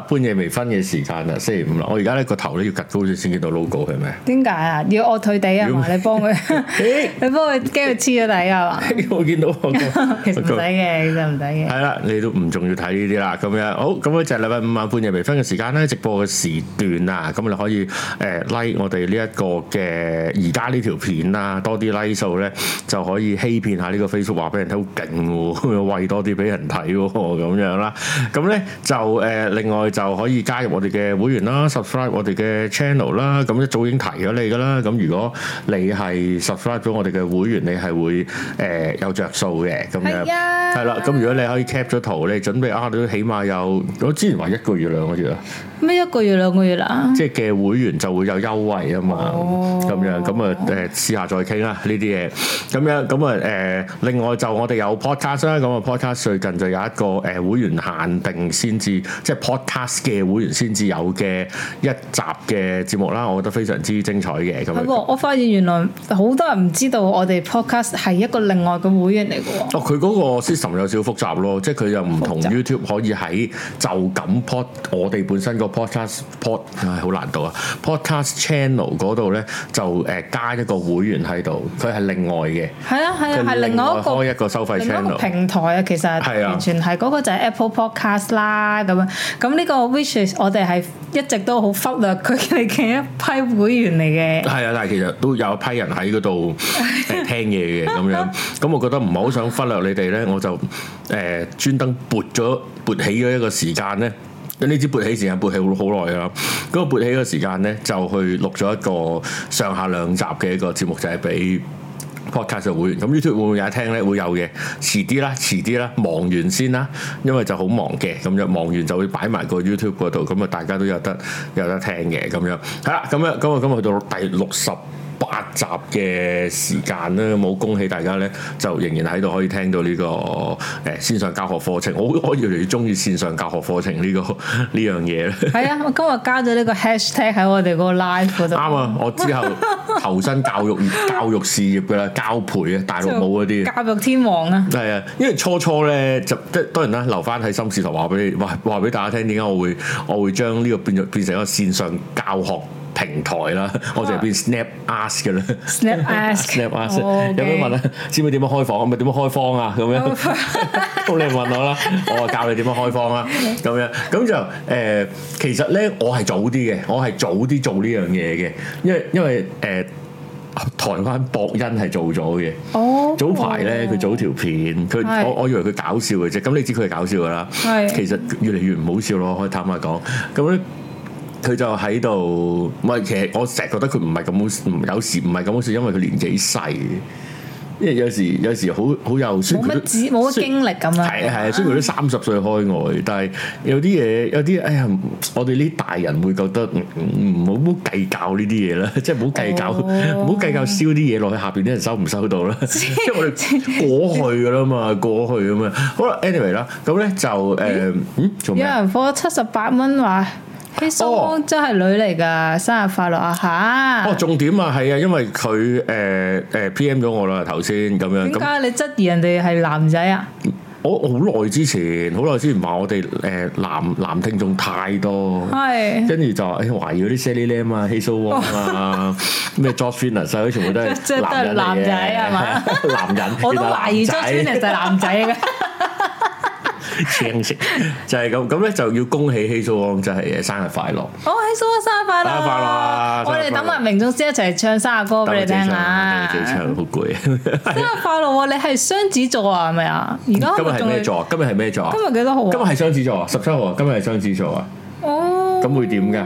半夜未分嘅時間啦，星期五啦，我而家咧個頭都要趌高啲先見到 logo 係咪？點解啊？要我退地係 你幫佢，你幫佢驚佢黐咗底係我見到，我，其實唔使嘅，其實唔使嘅。係啦，你都唔重要睇呢啲啦。咁樣好咁咧，就係禮拜五晚半夜未分嘅時間咧，直播嘅時段啊，咁你可以誒 like 我哋呢一個嘅而家呢條片啦，多啲 like 數咧就可以欺騙下呢個 Facebook 話俾人睇好勁喎，喂 多啲俾人睇喎咁樣啦。咁咧就誒另，另外。就可以加入我哋嘅會員啦，subscribe 我哋嘅 channel 啦，咁一早已經提咗你㗎啦。咁如果你係 subscribe 咗我哋嘅會員，你係會誒、呃、有着數嘅。咁樣係啦。咁如果你可以 cap 咗圖，你準備啊，你都起碼有我之前話一個月兩個月啦。咩一個月兩個月啦？即係嘅會員就會有優惠啊嘛，咁、oh. 樣咁啊，誒試下再傾啦呢啲嘢。咁樣咁啊，誒，誒，誒，誒另外就我哋有 podcast 啦、啊，咁、這、啊、個、podcast 最近就有一個誒會員限定先至，即係 podcast 嘅會員先至有嘅一集嘅節目啦、啊。我覺得非常之精彩嘅。不過、嗯、我發現原來好多人唔知道我哋 podcast 係一個另外嘅會員嚟嘅哦，佢個 system 有少少複雜咯，即係佢又唔同 YouTube 可以喺就咁 pod 我哋本身個。Podcast pod 啊、哎，好難度啊！Podcast channel 嗰度咧就誒、呃、加一個會員喺度，佢係另外嘅。係啊，係啊，係另，另外一個收費 channel 一個平台啊。其實係啊，完全係嗰、嗰個就係 Apple Podcast 啦。咁樣咁呢個 Wishes，我哋係一直都好忽略佢哋嘅一批會員嚟嘅。係啊，但係其實都有一批人喺嗰度聽嘢嘅咁樣。咁我覺得唔係好想忽略你哋咧，我就誒專登撥咗撥起咗一個時間咧。呢支勃起時間勃起好好耐啦，嗰個勃起嘅時間咧就去錄咗一個上下兩集嘅一個節目，就係俾 Podcast 會員，咁 YouTube 會唔會有得聽咧？會有嘅，遲啲啦，遲啲啦，忙完先啦，因為就好忙嘅，咁樣忙完就會擺埋個 YouTube 嗰度，咁啊大家都有得有得聽嘅，咁樣，係啦，咁樣，咁啊，咁去到第六十八集嘅時間咧，冇恭喜大家咧，就仍然喺度可以聽到呢、呢個誒、欸、線上教學課程。我，我越嚟越中意線上教學課程呢、呢個呢樣嘢啦。係啊，我今日加咗呢個 hashtag 喺我哋嗰個 live 度。啱 啊！我之後投身教育教育事業嘅啦，教培啊，大陸冇嗰啲，教育天王啊。係啊，因為初初咧就即係當然啦，留翻喺心事頭話俾你話話俾大家聽點解我會我會將呢個變作變成一個線上教學，平台啦，我成日變 Snap Ask 嘅啦。Snap Ask，Snap Ask，有咩問啊？知唔知點樣開房？咪點樣開房啊？咁樣，你唔問我啦，我教你點樣開房啦。咁樣，咁就誒，其實咧，我係早啲嘅，我係早啲做呢樣嘢嘅，因為因為誒，台灣博恩係做咗嘅。哦，早排咧，佢做條片，佢我我以為佢搞笑嘅啫，咁你知佢係搞笑噶啦。係，其實越嚟越唔好笑咯，可以坦白講。咁咧。佢就喺度，唔係，其實我成日覺得佢唔係咁好，唔有時唔係咁好笑，因為佢年紀細，因為有時有時好好有，冇乜冇乜經歷咁啊。係啊係啊，雖然佢都三十歲開外，但係有啲嘢，有啲哎呀，我哋呢大人會覺得唔唔好計較呢啲嘢啦，即係唔好計較，唔好計較燒啲嘢落去下邊啲人收唔收到啦，因為我哋過去噶啦嘛，過去咁啊。好啦，anyway 啦，咁咧就誒，嗯，做咩？有人付七十八蚊話。He So Wong，hey oh. 真係女嚟噶，生日快樂啊吓！哦，重點啊，係啊，因為佢誒誒 PM 咗我啦，頭先咁樣。點解你質疑人哋係男仔啊？我好耐之前，好耐之前話我哋誒男男聽眾太多，係是，跟住就誒懷疑啲 Sally name 啊，He So, America,、oh, S, hey、Wong 啊，咩 Josh Turner 細佬全部都係即係都係男仔啊嘛，男人，我都懷疑 Josh Turner 就係男仔嘅。 c h 就係咁咁咧，就要恭喜 Hezoang 就係、是、生日快樂！好 Hezoang 生日快樂！生日快樂！快我哋等埋明總師一齊唱生日歌俾你聽啊！唱好攰啊！ 生日快樂！你係雙子座啊？係咪啊？而家、嗯、今日係咩座？今日係咩座？今，座今，座今日幾多號？今日係雙子座十七號啊！今日係雙子座啊！哦，咁會點噶？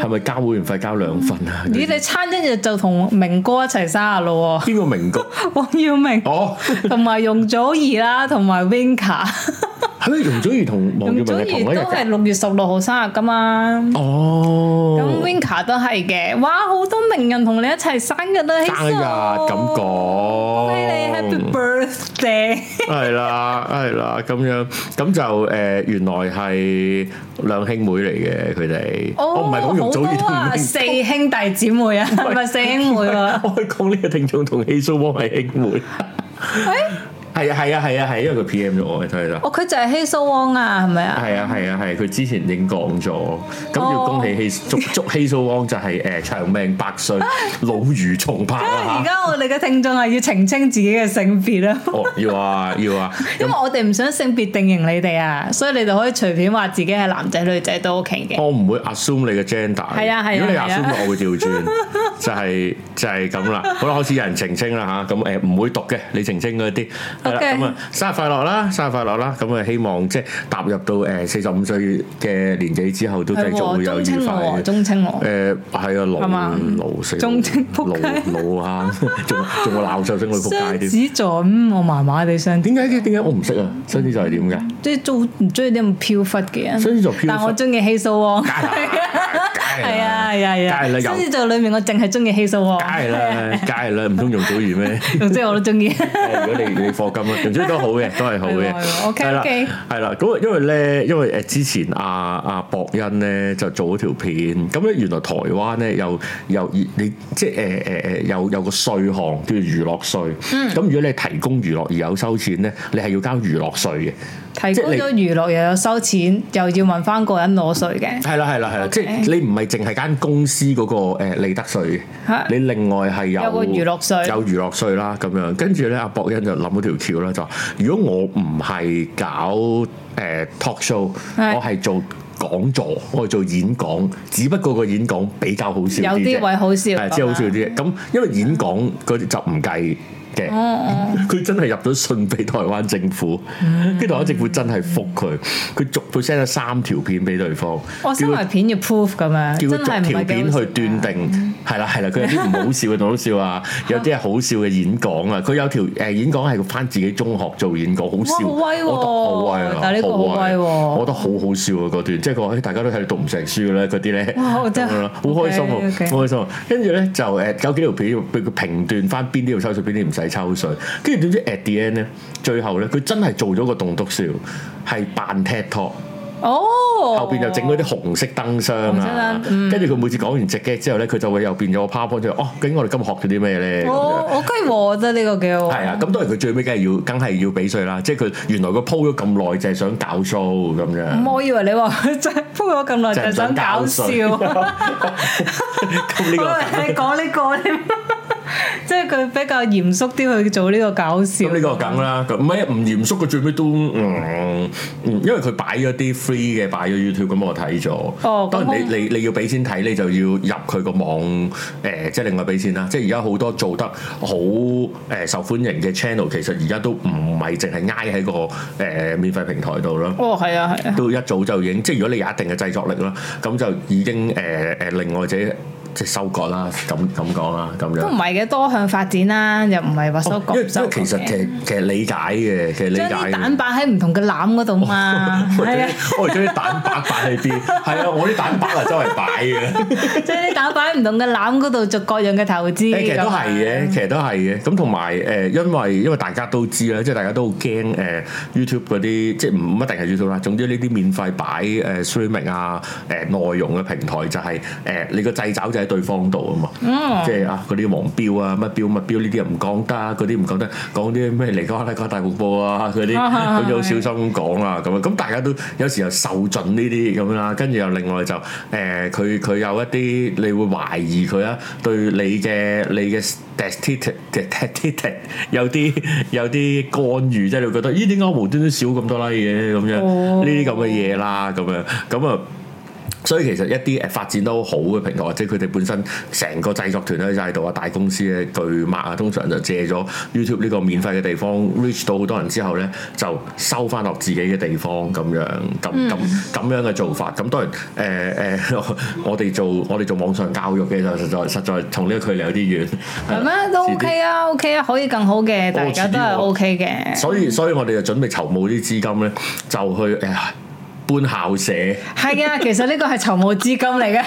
係咪交會員費交兩份啊？你哋餐一日就同明哥一齊生日咯？邊個明哥？黃 耀明哦，同埋、oh. 容祖兒啦，同埋 Vinka。 係啊，容祖兒同王祖藍同一日。都係六月十六號生日噶嘛？哦，咁 Winka 都係嘅。哇，好多名人同你一齊生日啦，希蘇。爭噶咁講。Happy birthday！係啦，係啦，咁樣咁就誒，原來係兩兄妹嚟嘅佢哋。我唔係講容祖兒。四兄弟姊妹啊，唔係四兄妹喎。我係講呢個聽眾同希蘇王係兄妹。哎。係啊係啊係啊係、啊，因為佢 P.M. 咗我，睇嚟啦。哦，佢就係希蘇昂啊，係咪啊？係啊係啊係，佢之前已經講咗，咁要恭喜希祝祝希蘇昂就係誒長命百歲， 老如松柏而、啊、家我哋嘅聽眾啊，要澄清自己嘅性別啦、啊。 哦，要啊要啊，因為我哋唔想性別定型你哋啊，所以你就可以隨便話自己係男仔女仔都 O K 嘅。我唔會 assume 你嘅 gender 的。係啊係、啊、如果你 assume 我會調轉， 就係、是、就係咁啦。好啦，開始有人澄清啦嚇，咁誒唔會讀嘅，你澄清嗰啲。咁啊，生日快樂啦！生日快樂啦！咁啊，希望即係踏入到誒四十五歲嘅年紀之後，都繼續會有熱發嘅。中青黃誒係啊，老老成老老啊，仲仲個鬧秀精去撲街啲。雙子座咁，我麻麻地雙。點解點解我唔識啊？雙子座係點㗎？即係中唔中意啲咁飄忽嘅人？雙子座飄忽。但我中意氣數喎。係啊係啊。係啊！雙子座裡面我淨係中意氣數喎。梗係啦梗係啦，唔通容祖兒咩？即係我都中意。如果你你咁，總之 都好嘅，都係好嘅。OK 係啦，係啦。咁因為咧，因為誒之前阿阿博恩咧就做咗條片，咁咧原來台灣咧又又你即係誒誒誒有有個稅項叫娛樂稅。咁如果你提供娛樂而有收錢咧，你係要交娛樂稅嘅。 嗯 提供咗娛樂你又有收錢，又要問翻個人攞稅嘅。係啦，係啦，係啦，Okay. 即係你唔係淨係間公司嗰個誒利得稅，啊、你另外係有個娛樂稅，有娛樂稅啦咁樣。跟住咧，阿博恩就諗咗條橋啦，就話如果我唔係搞誒、呃、talk show，的我係做講座，我係做演講，只不過個演講比較好笑。有啲位好笑，係即係好笑啲。咁、嗯、因為演講啲就唔計。嘅，佢真係入咗信俾台灣政府，跟住台灣政府真係覆佢，佢逐個 send 咗三條片俾對方。我先話片要 proof 㗎嘛，叫佢逐條片去斷定，係啦係啦，佢有啲唔好笑嘅，好笑啊，有啲係好笑嘅演講啊，佢有條誒演講係翻自己中學做演講，好笑，好威喎，但係好威我覺得好好笑啊嗰段，即係佢話大家都睇你讀唔成書咧，嗰啲咧，好開心喎，好開心，跟住咧就誒有幾條片俾佢評斷翻邊啲要收稅，邊啲唔使。抽水，跟住點知 at the end 咧，最後咧，佢真係做咗個棟篤笑，係扮踢拖。哦，後邊就整嗰啲紅色燈箱啊，跟住佢每次講完隻 game 之後咧，佢就會又變咗個 powerpoint 出嚟。哦，究竟我哋今日學咗啲咩咧？哦，我覺得呢個幾好。係啊，咁當然佢最尾，梗係要，梗係要畀稅啦。即係佢原來佢鋪咗咁耐，就係想搞 show 咁樣。唔、嗯，我以為你話佢真係鋪咗咁耐就係想搞笑、嗯。 這樣 你講呢、呢個。你即係佢比較嚴肅啲去做呢個搞笑，咁呢個梗啦，唔係唔嚴肅，佢最尾都嗯，嗯，因為佢擺咗啲 free 嘅，擺咗 YouTube，咁我睇咗。哦，當然你你你要俾錢睇，你就要入佢個網，誒、呃，即係另外俾錢啦。即係而家好多做得好誒、呃、受歡迎嘅 channel，其實而家都唔係淨係挨喺個誒、呃、免費平台度咯。哦，係啊，係啊，都一早就已經。即係如果你有一定嘅製作力啦，咁就已經誒誒、呃、另外者。即係收割啦，咁咁講啦，咁樣，樣都唔係嘅，多向發展啦、啊，又唔係話收割。因其實其實其實理解嘅，其實理解蛋白喺唔同嘅籃嗰度嘛，我哋將啲蛋白擺喺邊？係啊， 我啲蛋白啊周圍擺嘅，將啲蛋白喺唔同嘅籃嗰度做各樣嘅投資。其實都係嘅，樣其實都係嘅。咁同埋誒，因為因為大家都知啦，即係大家都好驚誒 YouTube 嗰啲，即係唔一定係 YouTube 啦。總之呢啲免費擺誒、呃呃、streaming 啊誒、呃、內容嘅平台就係、是、誒、呃、你個掣走就係、是。呃對方度啊嘛，即係啊嗰啲黃標啊，乜標乜標呢啲又唔講得，嗰啲唔講得，講啲咩嚟？講咧講大瀑布啊，嗰啲咁就好小心咁講啊咁啊，咁大家都有時候受盡呢啲咁樣啦，跟住又另外就誒佢佢有一啲你會懷疑佢啊，對你嘅你嘅 tactic 有啲有啲干預，即係你覺得咦點解無端端少咁多啦？嘢咁樣呢啲咁嘅嘢啦咁樣咁啊～所以其實一啲誒發展都好嘅平台，即係佢哋本身成個製作團咧、喺度啊、大公司咧、巨擘啊，通常就借咗 YouTube 呢個免費嘅地方 reach 到好多人之後咧，就收翻落自己嘅地方咁樣，咁咁咁樣嘅做法。咁當然誒誒、呃呃，我哋做我哋做網上教育嘅就實在實在同呢個距離有啲遠。係咩？都 OK 啊，OK 啊，可以更好嘅，大家都係 OK 嘅。所以所以我哋就準備籌募啲資金咧，就去誒。搬校舍係、 呃、 啊，其實呢個係籌募資金嚟嘅。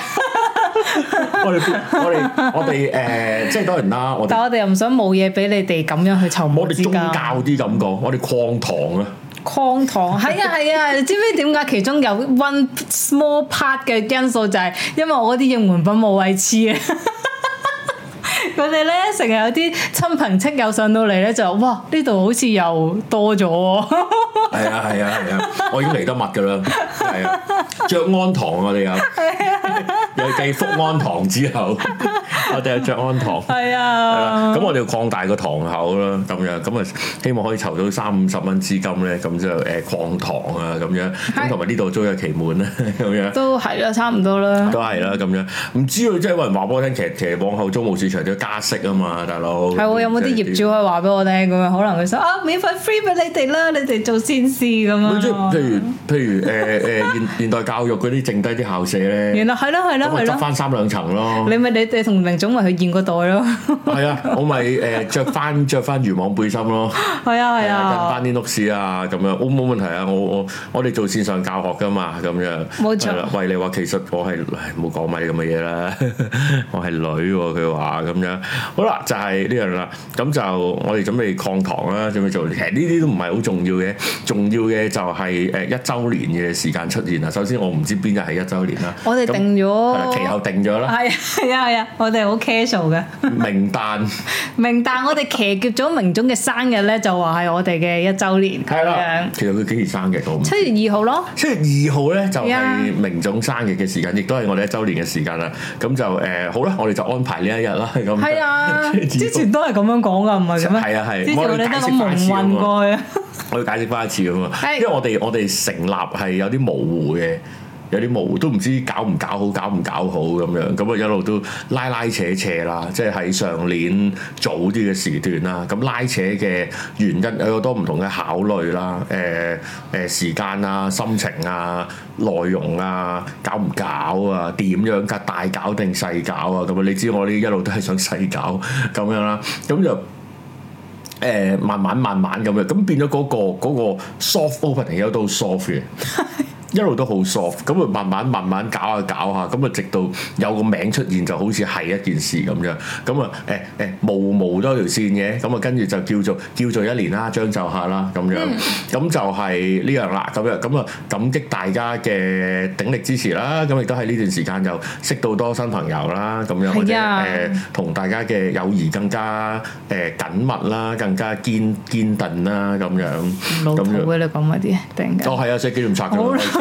我哋我哋我哋誒，即係當然啦。但我哋又唔想冇嘢俾你哋咁樣去籌募，我哋宗教啲咁講，我哋擴堂啊，擴堂。係啊係啊，你知唔知點解其中有 one small part 嘅因素就係因為我啲應援品冇位黐啊。 佢哋咧成日有啲親朋戚友上到嚟咧，就哇呢度好似又多咗。係啊係啊係啊！我已經嚟得密㗎啦，係啊！着安堂我哋有，又繼福安堂之後， 我哋有着安堂。係啊，咁す我哋要擴大個堂口啦，咁樣咁啊，希望可以籌到三五十蚊資金咧，咁就誒、eh, 擴堂啊，咁樣咁，同埋呢度租一期滿啦，咁樣都係啦，差唔多啦，都係啦，咁樣唔知道即係有人話畀我聽，其實其實往後租務市場加息啊嘛，大佬。係我有冇啲業主可以話俾我聽咁樣，可能佢想啊免費 free 俾你哋啦，你哋做線試咁樣。即係譬如譬如誒誒現現代教育嗰啲剩低啲校舍咧，原來係咯係咯係咯，執翻三兩層咯。你咪你哋同明總咪去見個袋咯。係啊，我咪誒著翻著翻漁網背心咯。係啊係啊，跟翻啲老師啊咁樣，我冇問題啊。我我我哋做線上教學㗎嘛，咁樣冇錯。喂，你話其實我係冇講咪咁嘅嘢啦，我係女喎，佢話咁樣。好啦，就係、是、呢樣啦，咁就我哋準備抗糖啦，準備做，其實呢啲都唔係好重要嘅，重要嘅就係誒一周年嘅時間出現啦。首先我唔知邊日係一周年啦，我哋定咗，期後定咗啦，係啊係啊係啊，我哋好 casual 嘅明誕明誕，我哋騎劫咗明總嘅生日咧，就話係我哋嘅一周年，係啦，其實佢幾月生日？七月二號咯，七月二號咧就係明總生日嘅時間，亦都係我哋一周年嘅時間啦。咁就誒、呃、好啦，我哋就安排呢一日啦咁。係啊，對之前都係咁樣講噶，唔係咩？係啊係，啊我哋解釋翻一次啊嘛，我要解釋翻一次啊嘛， 因為我哋我哋成立係有啲模糊嘅。有啲毛都唔知搞唔搞好，搞唔搞好咁樣，咁啊一路都拉拉扯扯啦，即係喺上年早啲嘅時段啦，咁拉扯嘅原因有好多唔同嘅考慮啦，誒、呃、誒時間啊、心情啊、內容啊，搞唔搞啊？點樣㗎？大搞定細搞啊？咁啊，你知我呢一路都係想細搞咁樣啦，咁就誒慢慢慢慢咁樣，咁變咗嗰、嗰個嗰個嗰個 soft opening 都 soft 嘅。 一路都好 soft，咁啊慢慢慢慢搞下搞下，咁啊直到有個名出現就好似係一件事咁樣，咁啊誒誒模模多條線嘅，咁啊跟住就叫做叫做一年啦，將就下啦咁樣，咁就係呢樣啦，咁樣咁啊感激大家嘅鼎力支持啦，咁亦都喺呢段時間又識到多新朋友啦，咁樣或者誒同大家嘅友誼更加誒緊密啦，更加堅堅定啦咁樣，咁樣你講啲突然間，哦係啊，死機亂插咗。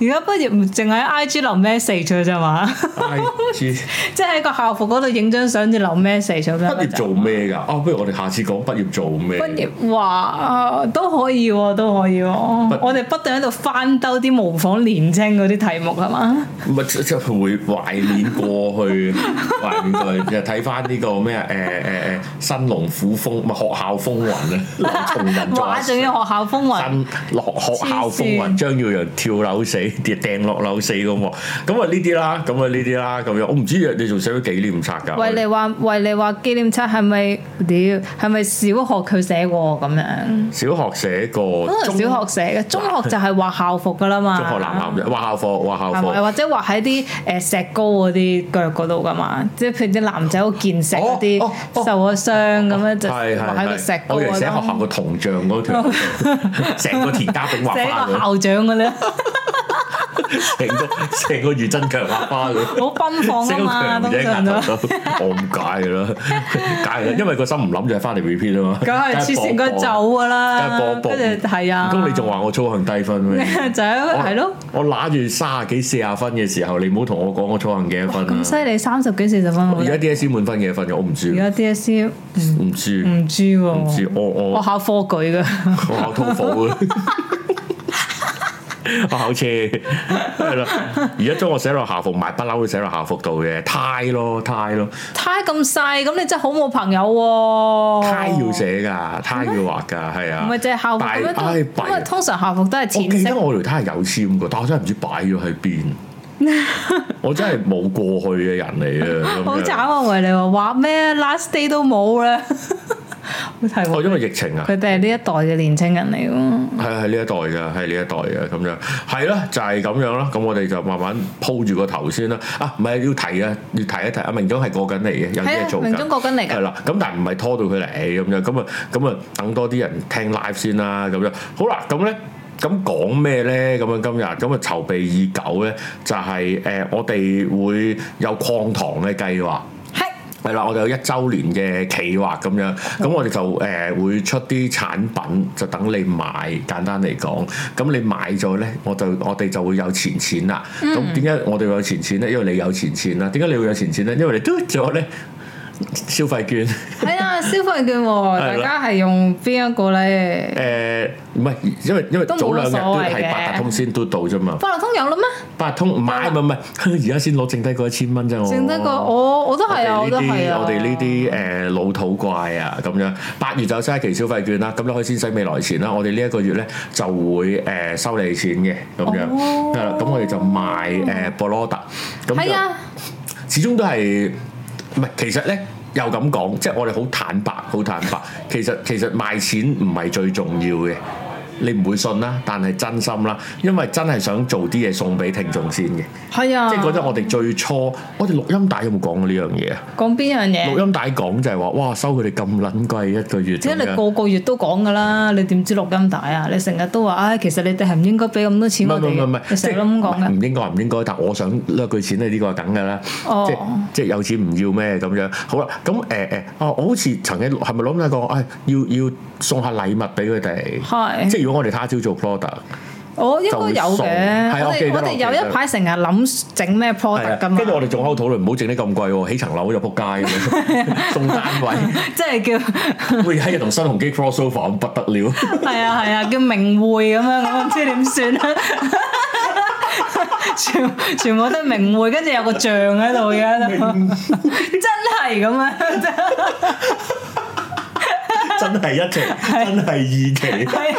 而家畢業唔淨係 IG 留 message 啫嘛，I, G. 即係喺個校服嗰度影張相就留 message。畢業做咩㗎？啊，不如我哋下次講畢業做咩。畢業話都可以喎，都可以喎、啊。以啊、畢業我哋不斷喺度翻兜啲模仿年青嗰啲題目係嘛？唔係即係會懷念過去，懷念過去就睇翻呢個咩啊？誒、欸、誒、欸、新龍虎風唔係學校風雲啊，重人仲 要學校風雲。落學校風雲，張耀揚跳樓死。掟落 樓死咁喎，咁啊呢啲啦，咁啊呢啲啦，咁樣我唔知你仲寫咗紀念冊噶？維你話，維尼話紀念冊係咪屌？係咪小學佢寫過咁樣？嗯、小學寫過，小學寫嘅，中學就係畫校服噶啦嘛。中學男校畫校服，畫校服，或者畫喺啲誒石膏嗰啲腳嗰度噶嘛？即係譬如啲男仔好健碩一啲，哦哦、受咗傷咁樣、哦哦哦、就畫喺個石膏。我哋寫學校個銅像嗰條，成 個田家炳畫翻個 校長噶啦。 成個成個月增強阿媽好奔放啊嘛，咁樣就尷尬噶啦，尷尬，因為個心唔諗住係翻嚟 repeat 啊嘛，梗係黐線佢走噶啦，係啊，唔通你仲話我操行低分咩？就係咯，我揦住卅幾四啊分嘅時候，你唔好同我講我操行幾多分咁犀利，三十幾四十分，而家 D S C 滿分嘅分我唔知！而家 D S C 唔知！唔知！唔知我我我考科舉嘅，我考通寶嘅。我好似，係啦，而家將我寫落校服，買不嬲都寫落校服度嘅 tie 咯，tie 咯，tie 咁細，咁你真係好冇朋友。tie 要寫噶，tie 要畫噶，係啊，唔係即係校服咁樣都。因為通常校服都係淺色。我記得我條 tie 係有簽嘅，但我真係唔知擺咗喺邊。 我真係冇過去嘅人嚟啊！好慘啊！喂你話，話咩 last day 都冇啦。 啊、因為疫情啊，佢哋係呢一代嘅年青人嚟咯，係係呢一代㗎，係呢一代嘅咁樣，係咯、啊，就係、是、咁樣啦。咁我哋就慢慢鋪住個頭先啦。啊，唔係要提啊，要提一提阿、啊、明中係過緊嚟嘅，有嘢做嘅、啊。明中過緊嚟㗎。係啦、啊，咁但係唔係拖到佢嚟咁樣，咁啊，咁啊，等多啲人聽 live 先啦。咁樣好啦，咁咧咁講咩咧？咁樣今日咁啊，籌備已久咧，就係、是、誒、呃，我哋會有擴堂嘅計劃。係啦，我哋有一週年嘅企劃咁樣，咁我哋就誒、呃、會出啲產品，就等你買。簡單嚟講，咁你買咗咧，我就我哋就會有錢錢啦。咁點解我哋會有錢錢咧？因為你有錢錢啦。點解你會有錢錢咧？因為你嘟咗咧。消費券係啊，消費券，大家係用邊一個咧？誒，唔係，因為因為早兩日都係八達通先嘟到啫嘛。八達通有啦咩？八達通買唔係唔係，而家先攞剩低嗰一千蚊啫。我剩低個我，我都係啊，我都係啊。我哋呢啲誒老土怪啊，咁樣八月就有新一期消費券啦，咁你可以先使未來錢啦。我哋呢一個月咧就會誒收你錢嘅，咁樣係啦。咁我哋就賣誒博羅達，咁係啊，始終都係。唔係，其實呢又咁講，即係我哋好坦白，好坦白。其實其實賣錢唔係最重要嘅。你唔會信啦，但係真心啦，因為真係想做啲嘢送俾聽眾先嘅。係啊，是即係覺得我哋最初，我哋錄音帶有冇講過呢樣嘢啊？講邊樣嘢？錄音帶講就係話，哇，收佢哋咁撚貴一個月。即係你個個月都講㗎啦，你點知錄音帶啊？你成日都話，唉、哎，其實你哋係唔應該俾咁多錢我哋。唔係唔係唔係，即唔應該唔應該，但我想攞句錢咧，呢個梗㗎啦。即係即係有錢唔要咩咁樣。好啦，咁誒誒，啊、呃哦，我好似曾經係咪諗過，誒、哎，要要，要，要送下禮物俾佢哋。即我哋他朝做 product，我應該有嘅。我哋我哋有一排成日諗整咩 product 噶嘛。跟住我哋仲喺度討論，唔好整得咁貴喎，起層樓就仆街。送單位，即係叫會喺日同新鴻基 cross over 咁不得了。係啊係啊，叫明會咁樣，我唔知點算啊。全全部都明會，跟住有個像喺度嘅，真係咁樣，真係一期，真係二期。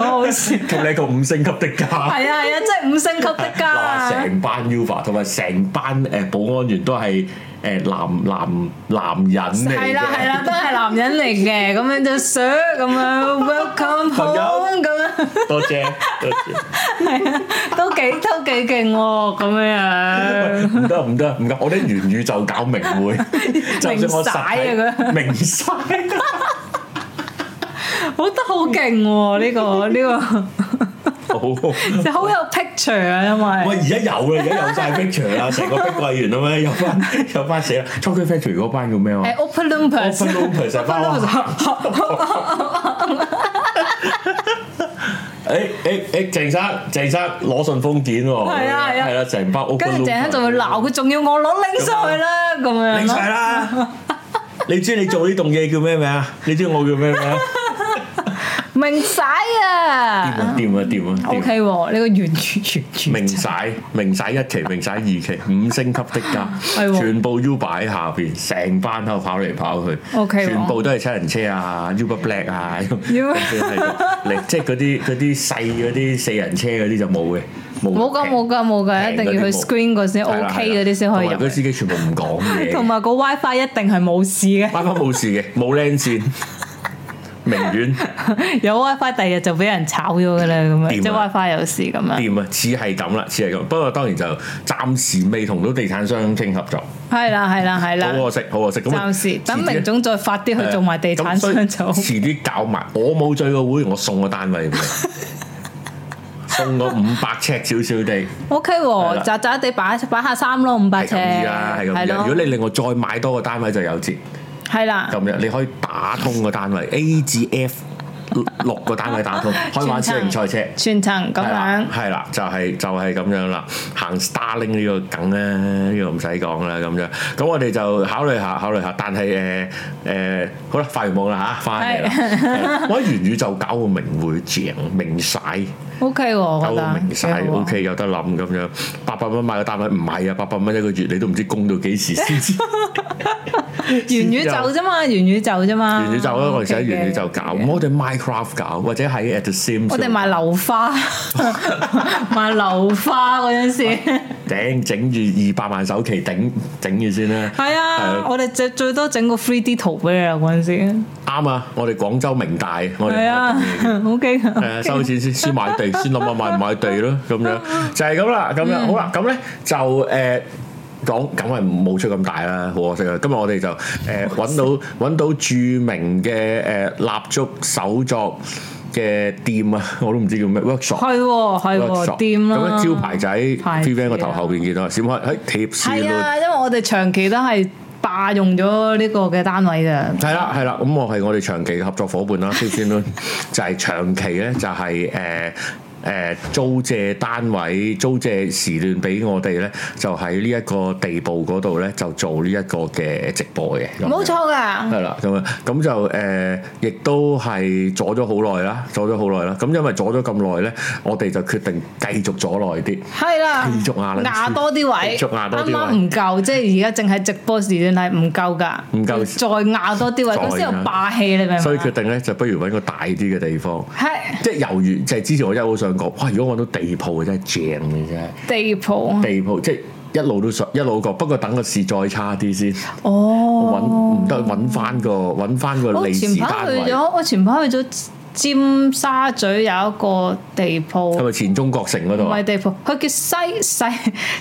好笑！咁你個五星級的家、 啊，係啊係啊，真係五星級的家。成 班 UFA 同埋成班誒保安員都係誒男男男人嚟嘅、 啊，係啦係啦，都係男人嚟嘅。咁樣就說咁樣 Welcome home 咁友這樣 多謝，係 啊，都幾都幾勁喎、啊！咁樣唔得唔得唔得，我啲粵語就搞明會，就曬啊，明晒。我覺得好勁喎！呢個呢個，好，好有 picture 啊，因為喂而家有啦，而家有晒 picture 啊，成個碧桂園啦咩？有班有班寫啦 construction 嗰班叫咩話？Open Looper，Open Looper 成班。哎哎哎！鄭生鄭生攞信封件喎，係啊係啊，係啦，成班 Open Looper 跟住鄭生仲要鬧佢，仲要我攞拎上去啦，咁樣拎上啦。你知你做呢棟嘢叫咩名啊？你知我叫咩名？明晒啊！掂啊掂啊 OK 喎，呢個完全完全明晒，明晒一期，明晒二期，五星級的家，全部 Uber 喺下邊，成班喺度跑嚟跑去，OK，全部都係七人車啊，Uber Black 啊，即係嗰啲啲細嗰啲四人車嗰啲就冇嘅，冇冇㗎冇㗎冇㗎，一定要去 screen 過先 OK 嗰啲先可以入。個司機全部唔講，同埋個 WiFi 一定係冇事嘅，WiFi 冇事嘅，冇 LAN 線。名苑有 WiFi，第二日就俾人炒咗噶啦，咁樣，即係 WiFi 有事咁樣。掂啊，似係咁啦，似係咁。不過當然就暫時未同到地產商傾合作。係啦，係啦，係啦。好可惜，好可惜。咁暫時等明總再發啲去做埋地產商組。遲啲搞埋，我冇醉個會，我送個單位，咁送個五百尺少少地。O K，雜雜地擺擺下衫咯，五百尺。係咁樣，係咁樣。如果你另外再買多個單位就有折。係啦，咁樣你可以打通個單位 A 至 F 六個單位打通， 程可以玩小型賽車，全層咁樣。係啦，就係就係咁樣啦。行 Starling 呢個梗咧，呢個唔使講啦。咁樣，咁我哋就考慮下，考慮下。但係誒誒，好啦，發完夢啦吓，翻嚟啦。我喺元宇宙搞個名會正明晒。O K 喎，okay，明白。都明晒，O K，有得諗咁樣。八百蚊買個單位，唔係啊，八百蚊一個月，你都唔知供到幾時先。元宇宙啫嘛，元宇宙啫嘛。元宇宙咧， 我哋喺元宇宙搞， 我哋 Minecraft 搞，或者喺 At The Sims 我哋賣樓花，賣 樓 花嗰陣時。 頂，整住二百萬首期，頂整住先啦。係啊，我哋最多整個 three D 圖俾你啊，嗰陣時。啱啊，我哋廣州明大，我哋係啊，好驚啊。係啊，收錢先，先買地，先諗下買唔買地咯，咁樣就係咁啦，咁樣好啦，咁咧就誒講，梗係冇出咁大啦，好可惜啊！今日我哋就誒揾到揾到著名嘅誒蠟燭手作。嘅店啊，我都唔知叫咩 workshop，係喎，係喎店啦，啊，咁樣招牌仔，TVN 牌子 個頭後邊見到閃開，嘿 tips，係啊，因為我哋長期都係，霸用咗呢個嘅單位㗎。係啦係，啦，咁我係我哋長期合作伙伴啦，首先都就係，長期咧就係、是，誒。呃誒租借單位、租借時段俾我哋咧，就喺呢一個地步嗰度咧，就做呢一個嘅直播嘅。冇錯㗎。係啦，咁樣咁就誒，亦都係阻咗好耐啦，阻咗好耐啦。咁因為阻咗咁耐咧，我哋就決定繼續阻耐啲。係啦，繼續壓多啲位，壓多啲，啱啱唔夠，即係而家淨係直播時段係唔夠㗎，唔夠再壓多啲位，咁先有霸氣，你明嗎？所以決定咧，就不如揾個大啲嘅地方，係即係由原即係之前我優秀。哇！如果揾到地鋪，真係正嘅，真係、啊。地鋪。地鋪即係一路都上，一路過。不過等個市再差啲先。哦。揾唔得，揾翻個揾翻個利時單位。前排去咗，我前排去咗。尖沙咀有一個地鋪，係咪前中國城嗰度？唔係地鋪，佢叫世西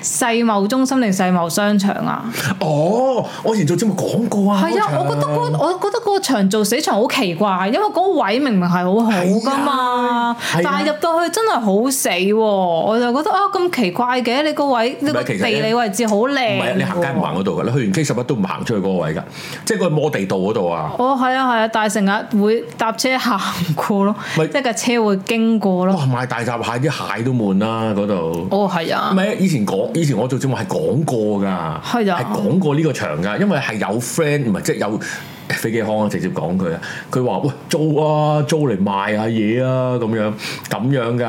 西，西貿中心定世貿商場啊？哦，我以前做節目講過啊。係啊的，我覺得嗰我覺得嗰個場做死場好奇怪，因為嗰位明明係好好㗎嘛，啊啊、但係入到去真係好死喎！哦！我就覺得啊，咁、哦、奇怪嘅，你個位你是個地理位置好靚，唔啊？你行街唔行嗰度㗎？你去完 k 十一都唔行出去嗰個位㗎，即係嗰個摩地道嗰度啊？ 哦，係啊，係啊，但係成日會搭車行。 咯，即係架車會經過咯。哇是！賣、哦、大閘蟹啲蟹都悶啦，嗰度。哦，係啊。唔係以前講，以前我做節目係講過㗎。係就係講過呢個場㗎，因為係有 friend，唔係即係有、哎、飛機康啊，直接講佢啊。佢話：喂，租啊，租嚟賣下嘢啊，咁、啊、樣咁樣㗎。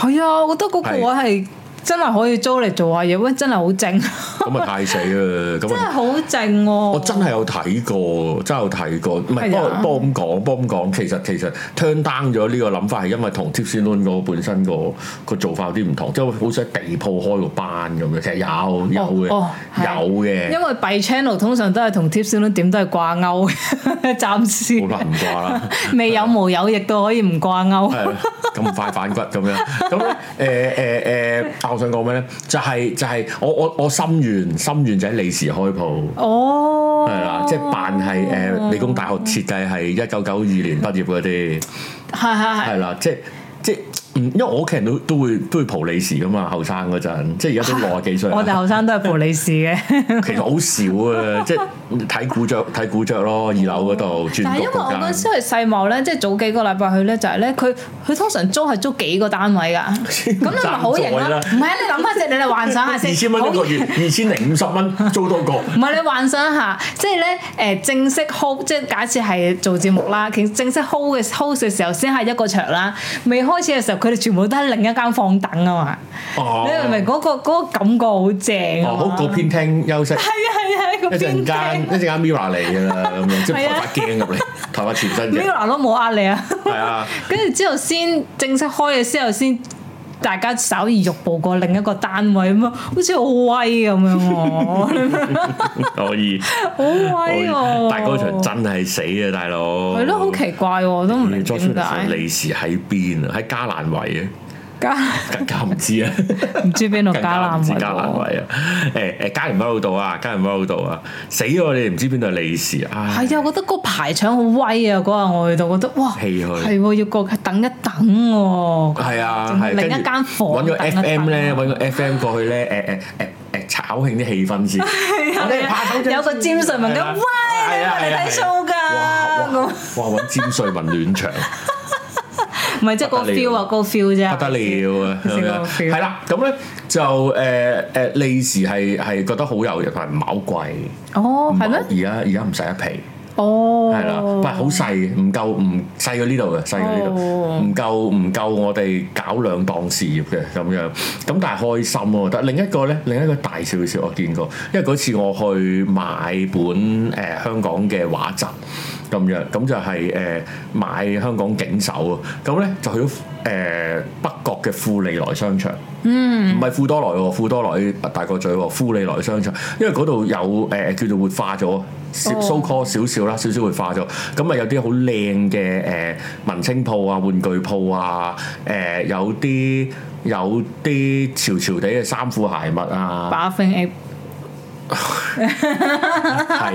係啊，我覺得嗰個位係。真係可以租嚟做下嘢，喂！真係好正、哦，咁啊太死啊！真係好正，我真係有睇過，真係有睇過。唔係幫幫咁講，幫咁講。其實其實 turn down 咗呢個諗法，係因為同 Tipsy Noon 個本身個個做法有啲唔同，即係好似地鋪開個班咁樣。其實有有嘅，有嘅。Uh, oh, 有 right? 因為 b i Channel 通常都係同 Tipsy Noon 點都係掛鈎嘅，暫時冇得唔掛啦。未有冇有亦都可以唔掛鈎，咁、啊、快反骨咁樣咁誒誒誒。我想講咩咧？就係、是、就係、是、我我我心願心願就喺利時開鋪，係啦、哦，即係辦係誒理工大學設計係一九九二年畢業嗰啲，係係係，係啦、就是，即係即。因為我屋企人都會都會都會蒲利時噶嘛，後生嗰陣，即係而家都六十幾歲。我哋後生都係蒲利時嘅。其實好少啊。 即係睇古著睇古，古著咯，二樓嗰度。 但係因為我嗰陣先係世貿咧，即係早幾個禮拜去咧，就係咧佢佢通常租係租幾個單位噶。咁 你咪好型啦？唔係啊，你諗翻先，你嚟幻想下先。二千蚊一個月， 二千零五十蚊租多個。唔係 你幻想下，即係咧誒正式 hold，即係假設係做節目啦，正式 hold 嘅時候先係一個場啦，未開始嘅時候。佢哋全部都喺另一間房等啊嘛，哦、你明唔明嗰個感覺？哦、好正好個偏廳休息，係啊係啊，一陣間一陣間眯埋嚟噶啦咁樣，即係攤把驚入嚟，攤埋全身。眯埋 都冇呃你啊！係啊，跟住之後先正式開嘅時候先。大家稍移玉步過另一個單位咁啊，好似好威咁樣可以，好 威喎風、啊！ 大個場真係死啊，大佬！ 係咯，好奇怪喎，我都唔知點解利是喺邊啊？喺加蘭圍啊！加？唔知啊，唔知邊度加難位啊？誒誒，加唔到道啊，加唔到道啊！死咗你哋唔知邊度利是啊！係啊，我覺得個排場好威啊！嗰日我去到覺得哇，係喎，要過去等一等喎。係啊，仲另一間房揾個 FM 咧，揾個 FM 過去咧，誒誒誒誒，炒興啲氣氛先。有個詹瑞文嘅威你嚟睇數㗎。哇哇哇！揾詹瑞文暖場。唔係即係嗰 feel 啊，嗰 feel 啫，不得了啊！係啦是，咁咧 fe 就誒誒，利時係係覺得好有型，同埋唔係好貴。哦，係咩很？而家而家唔使一皮。哦，係啦、oh.，唔係好細，唔夠，唔細過呢度嘅，細過呢度，唔夠，唔夠我哋搞兩檔事業嘅咁樣。咁但係開心咯，哦，但另一個咧，另一個大少少，我見過，因為嗰次我去買本誒、呃、香港嘅畫集咁樣，咁就係、是、誒、呃、買香港警手啊，咁咧就去咗誒、呃、北角嘅富利來商場，嗯，唔係富多來喎，哦，富多來大個嘴，哦，富利來商場，因為嗰度有誒、呃、叫做活化咗。Oh. 少 soho 少少啦，少少會化咗。咁啊有啲好靚嘅誒文青鋪啊、玩具鋪啊，誒、呃、有啲有啲潮潮地嘅衫褲鞋襪啊。係，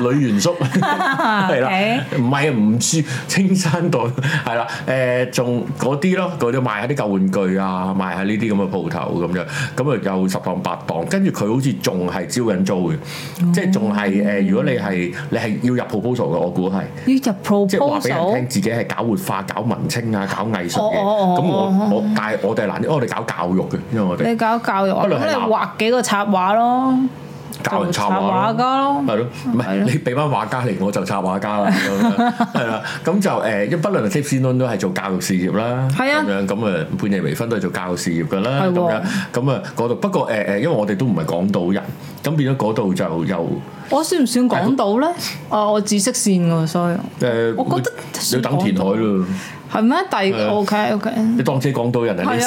女元叔係啦，唔係唔住青山道係啦，誒仲嗰啲咯，佢都賣下啲舊玩具啊，賣下呢啲咁嘅鋪頭咁樣，咁啊又十檔八檔，跟住佢好似仲係招緊租嘅，即係仲係誒，如果你係你係要入 proposal 嘅，我估係要入 proposal，即係話俾人聽自己係搞活化、搞文青啊、搞藝術嘅，咁我我但係我哋難啲，我哋搞教育嘅，因為我哋你搞教育，可能畫幾個插畫咯。教人插畫家，係咯，唔係你俾翻畫家嚟，我就插畫家啦，係啦，咁就誒，一不論係 Tipsy Noon 都係做教育事業啦，係啊，咁樣咁誒，半夜微醺都係做教育事業噶啦，係喎，咁啊，嗰度，不過誒誒，因為我哋都唔係港島人，咁變咗嗰度就又我算唔算港島咧？哦，我紫色線喎，所以誒，我覺得要等填海咯，係咩？第二 OK OK，你當自己港島人嚟。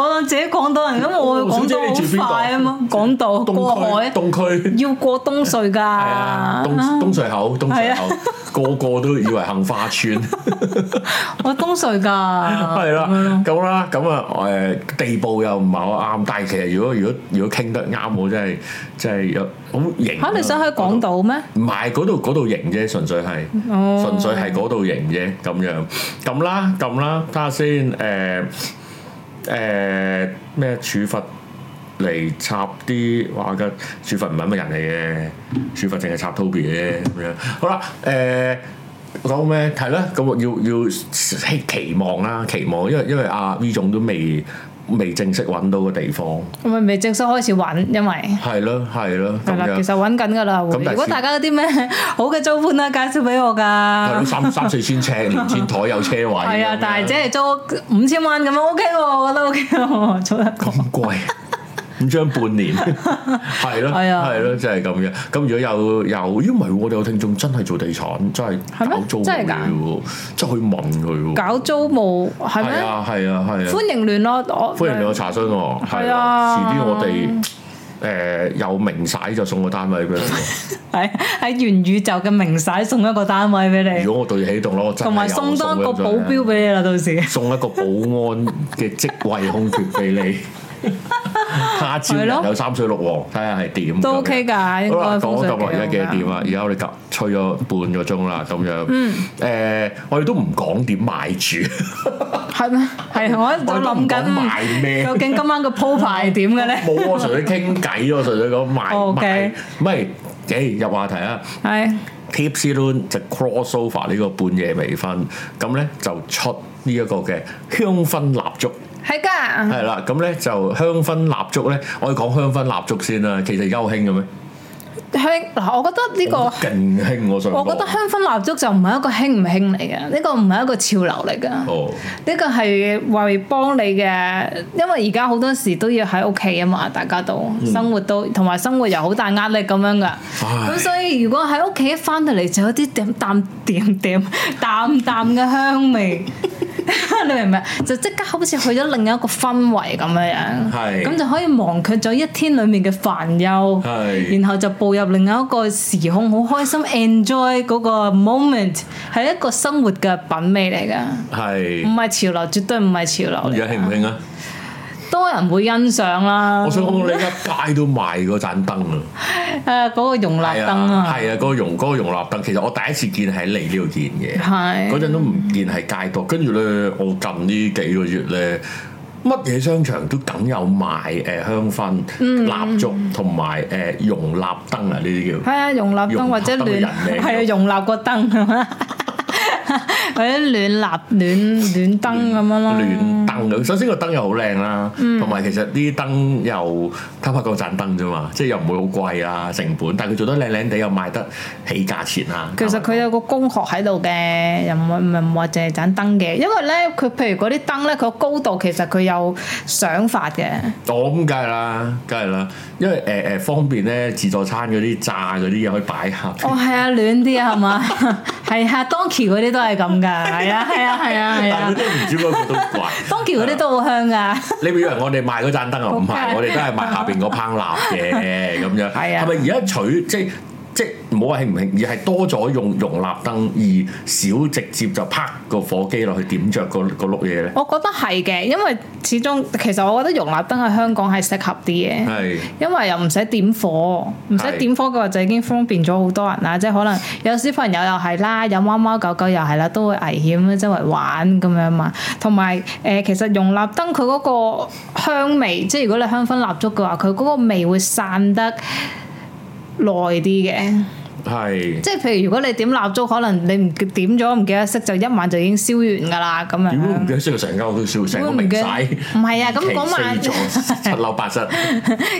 我自己港島人咁，我港島好快啊嘛！港島，過海，東區，要過東隧㗎。係啊，東東隧口，東隧口，個個都以為杏花村。我東隧㗎。係啦，咁啦，咁啊誒地步又唔係好啱，但係其實如果如果如果傾得啱我真係真係有好型。嚇，你想去港島咩？唔係嗰度嗰度型啫，純粹係，純粹係嗰度型啫，咁樣咁啦咁啦，睇下先誒。誒咩處罰？嚟插啲話嘅處罰，唔係乜人嚟嘅處罰，淨係插 Toby 嘅咁樣。好啦，誒講咩係啦？咁要，要希期望啦，期望，因為因為阿 V 總都未。未正式揾到個地方，咪未正式開始揾，因為係咯，係咯，咁樣其實揾緊㗎啦。是如果大家有啲咩好嘅租盤啦，介紹俾我㗎。係咯，三三四千尺，連轉台有車位。係的樣、OK、啊，但係只係租五千萬咁啊 OK 喎，我覺得 OK 喎、啊，租得咁貴？ 五張半年，係咯，係咯，真係咁樣。咁如果有有，因為我哋有聽眾真係做地產，真係搞租務，真係噶，真係去問佢。搞租務係咪？係啊係啊係啊！歡迎聯絡我，歡迎聯絡查詢。係啊，遲啲我哋誒有名曬就送個單位俾你。係喺元宇宙嘅名曬送一個單位俾你。如果我對起動咯，同埋送多個保鏢俾你啦。到時送一個保安嘅職位空缺俾你。下次咯，有三水六王，睇下係點都 OK 噶。好啦，講到而家幾多點啊而家我哋夾吹咗半個鐘啦，咁樣。嗯，誒、呃，我哋都唔講點賣住，係咩？係我我諗緊究竟今晚個鋪排係點嘅咧？冇，我純粹傾偈啫，我純粹講賣賣。唔係，oh, okay.，誒、欸，入話題啊係 Tipsy Noon 就 Cross Over 呢個半夜微醺。咁咧就出呢一個嘅香薰蠟燭。係噶，係啦，咁咧就香薰蠟燭咧，我要講香薰蠟燭先啦。其實而家好興嘅咩？香，嗱，我覺得呢、這個勁興，我想，我覺得香薰蠟燭就唔係一個興唔興嚟嘅，呢、這個唔係一個潮流嚟噶，呢、哦、個係為幫你嘅。因為而家好多時都要喺屋企啊嘛，大家都、嗯、生活都同埋生活又好大壓力咁樣噶，咁唉所以如果喺屋企一翻到嚟就有啲淡淡淡淡淡淡嘅香味。 你明唔明？就即刻好似去咗另一個氛圍咁樣樣，咁是就可以忘卻咗一天裏面嘅煩憂，是然後就步入另外一個時空，好開心 enjoy 嗰個 moment，係一個生活嘅品味嚟㗎，唔係是潮流，絕對唔係潮流。而家興唔興啊？多人會欣賞啦！ 我想講你一街都賣嗰盞燈， 啊、嗰個、燈啊！誒，嗰個融蠟燈啊，係啊，嗰、嗰個融嗰、嗰個融蠟燈，其實我第一次見喺你呢度見嘅，係嗰陣都唔見喺街度，跟住咧我近呢幾個月咧，乜嘢商場都梗有賣誒香薰、蠟燭同埋誒融蠟燈啊！呢啲叫係啊，融蠟燈或者暖係啊，融蠟個燈 嗰啲 暖蠟、暖暖燈咁樣咯，暖燈。首先個燈又好靚啦，同埋、嗯、其實啲燈又他拍過盞燈啫嘛，即係又唔會好貴啊成本，但係佢做得靚靚地又賣得起價錢啊。其實佢有個工學喺度嘅，又唔係唔係話淨係盞燈嘅，因為咧佢譬如嗰啲燈咧，佢個高度其實佢有想法嘅、嗯。咁梗係啦，梗係啦，因為誒誒、呃呃、方便咧，自助餐嗰啲炸嗰啲嘢可以擺下。哦，係啊，暖啲啊，係嘛，係啊，Donkey 嗰啲都。 都係咁噶，係啊，係啊，係啊，係啊，啊 但係佢都唔知嗰個都怪。當 橋嗰啲都好香噶。 你以為我哋賣嗰盞燈 啊？唔係，我哋都係賣下邊嗰烹蠟嘅咁樣。係啊。係咪而家取？即係？即係冇話興唔興，而係多咗用融蠟燈，而少直接就啪個火機落去點着個碌嘢咧。我覺得係嘅，因為始終其實我覺得融蠟燈喺香港係適合啲嘅，是因為又唔使點火，唔使點火嘅話就已經方便咗好多人啦。是即係可能有小朋友又係啦，有貓貓狗狗又係啦，都會危險周圍玩咁樣嘛。同埋誒，其實融蠟燈佢嗰個香味，即係如果你香薰蠟燭嘅話，佢嗰個味會散得耐啲嘅，係即係譬如如果你點蠟燭，可能你唔點咗唔記得熄，就一晚就已經燒完噶啦咁樣。點都唔記得熄，成間都燒，成屋明晒。唔係啊，咁嗰晚七樓八室，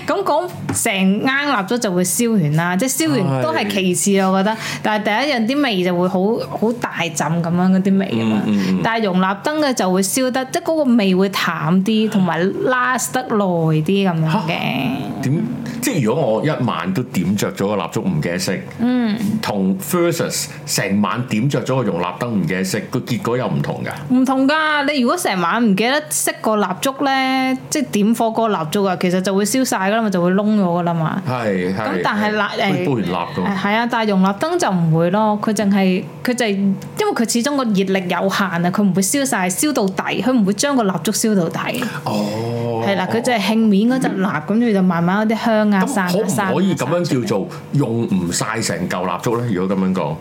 咁講成啱蠟燭就會燒完啦。即係燒完都係其次，我覺得。但係第一樣啲味就會好好大浸咁樣嗰啲味啊嘛。但係溶蠟燈嘅就會燒得即係嗰個味會淡啲，同埋 last 得耐啲咁樣嘅。點？即係如果我一晚都點着咗個蠟燭唔記得熄，嗯、同 versus 成晚點着咗個融蠟燈唔記得熄，個結果又唔同㗎？唔同㗎！你如果成晚唔記得熄個蠟燭咧，即係點火個蠟燭㗎，其實就會燒晒㗎嘛，就會燶咗㗎啦嘛。係，咁但係是、欸、蠟誒，會燻蠟㗎。係啊，但係融蠟燈就唔會咯，佢淨係佢就係、是、因為佢始終個熱力有限啊，佢唔會燒晒，燒到底，佢唔會將個蠟燭燒到底。哦，係啦，佢就係興面嗰陣蠟，跟住就慢慢有啲香。咁可唔可以咁樣叫做用唔晒成嚿蠟燭咧？如果咁樣講，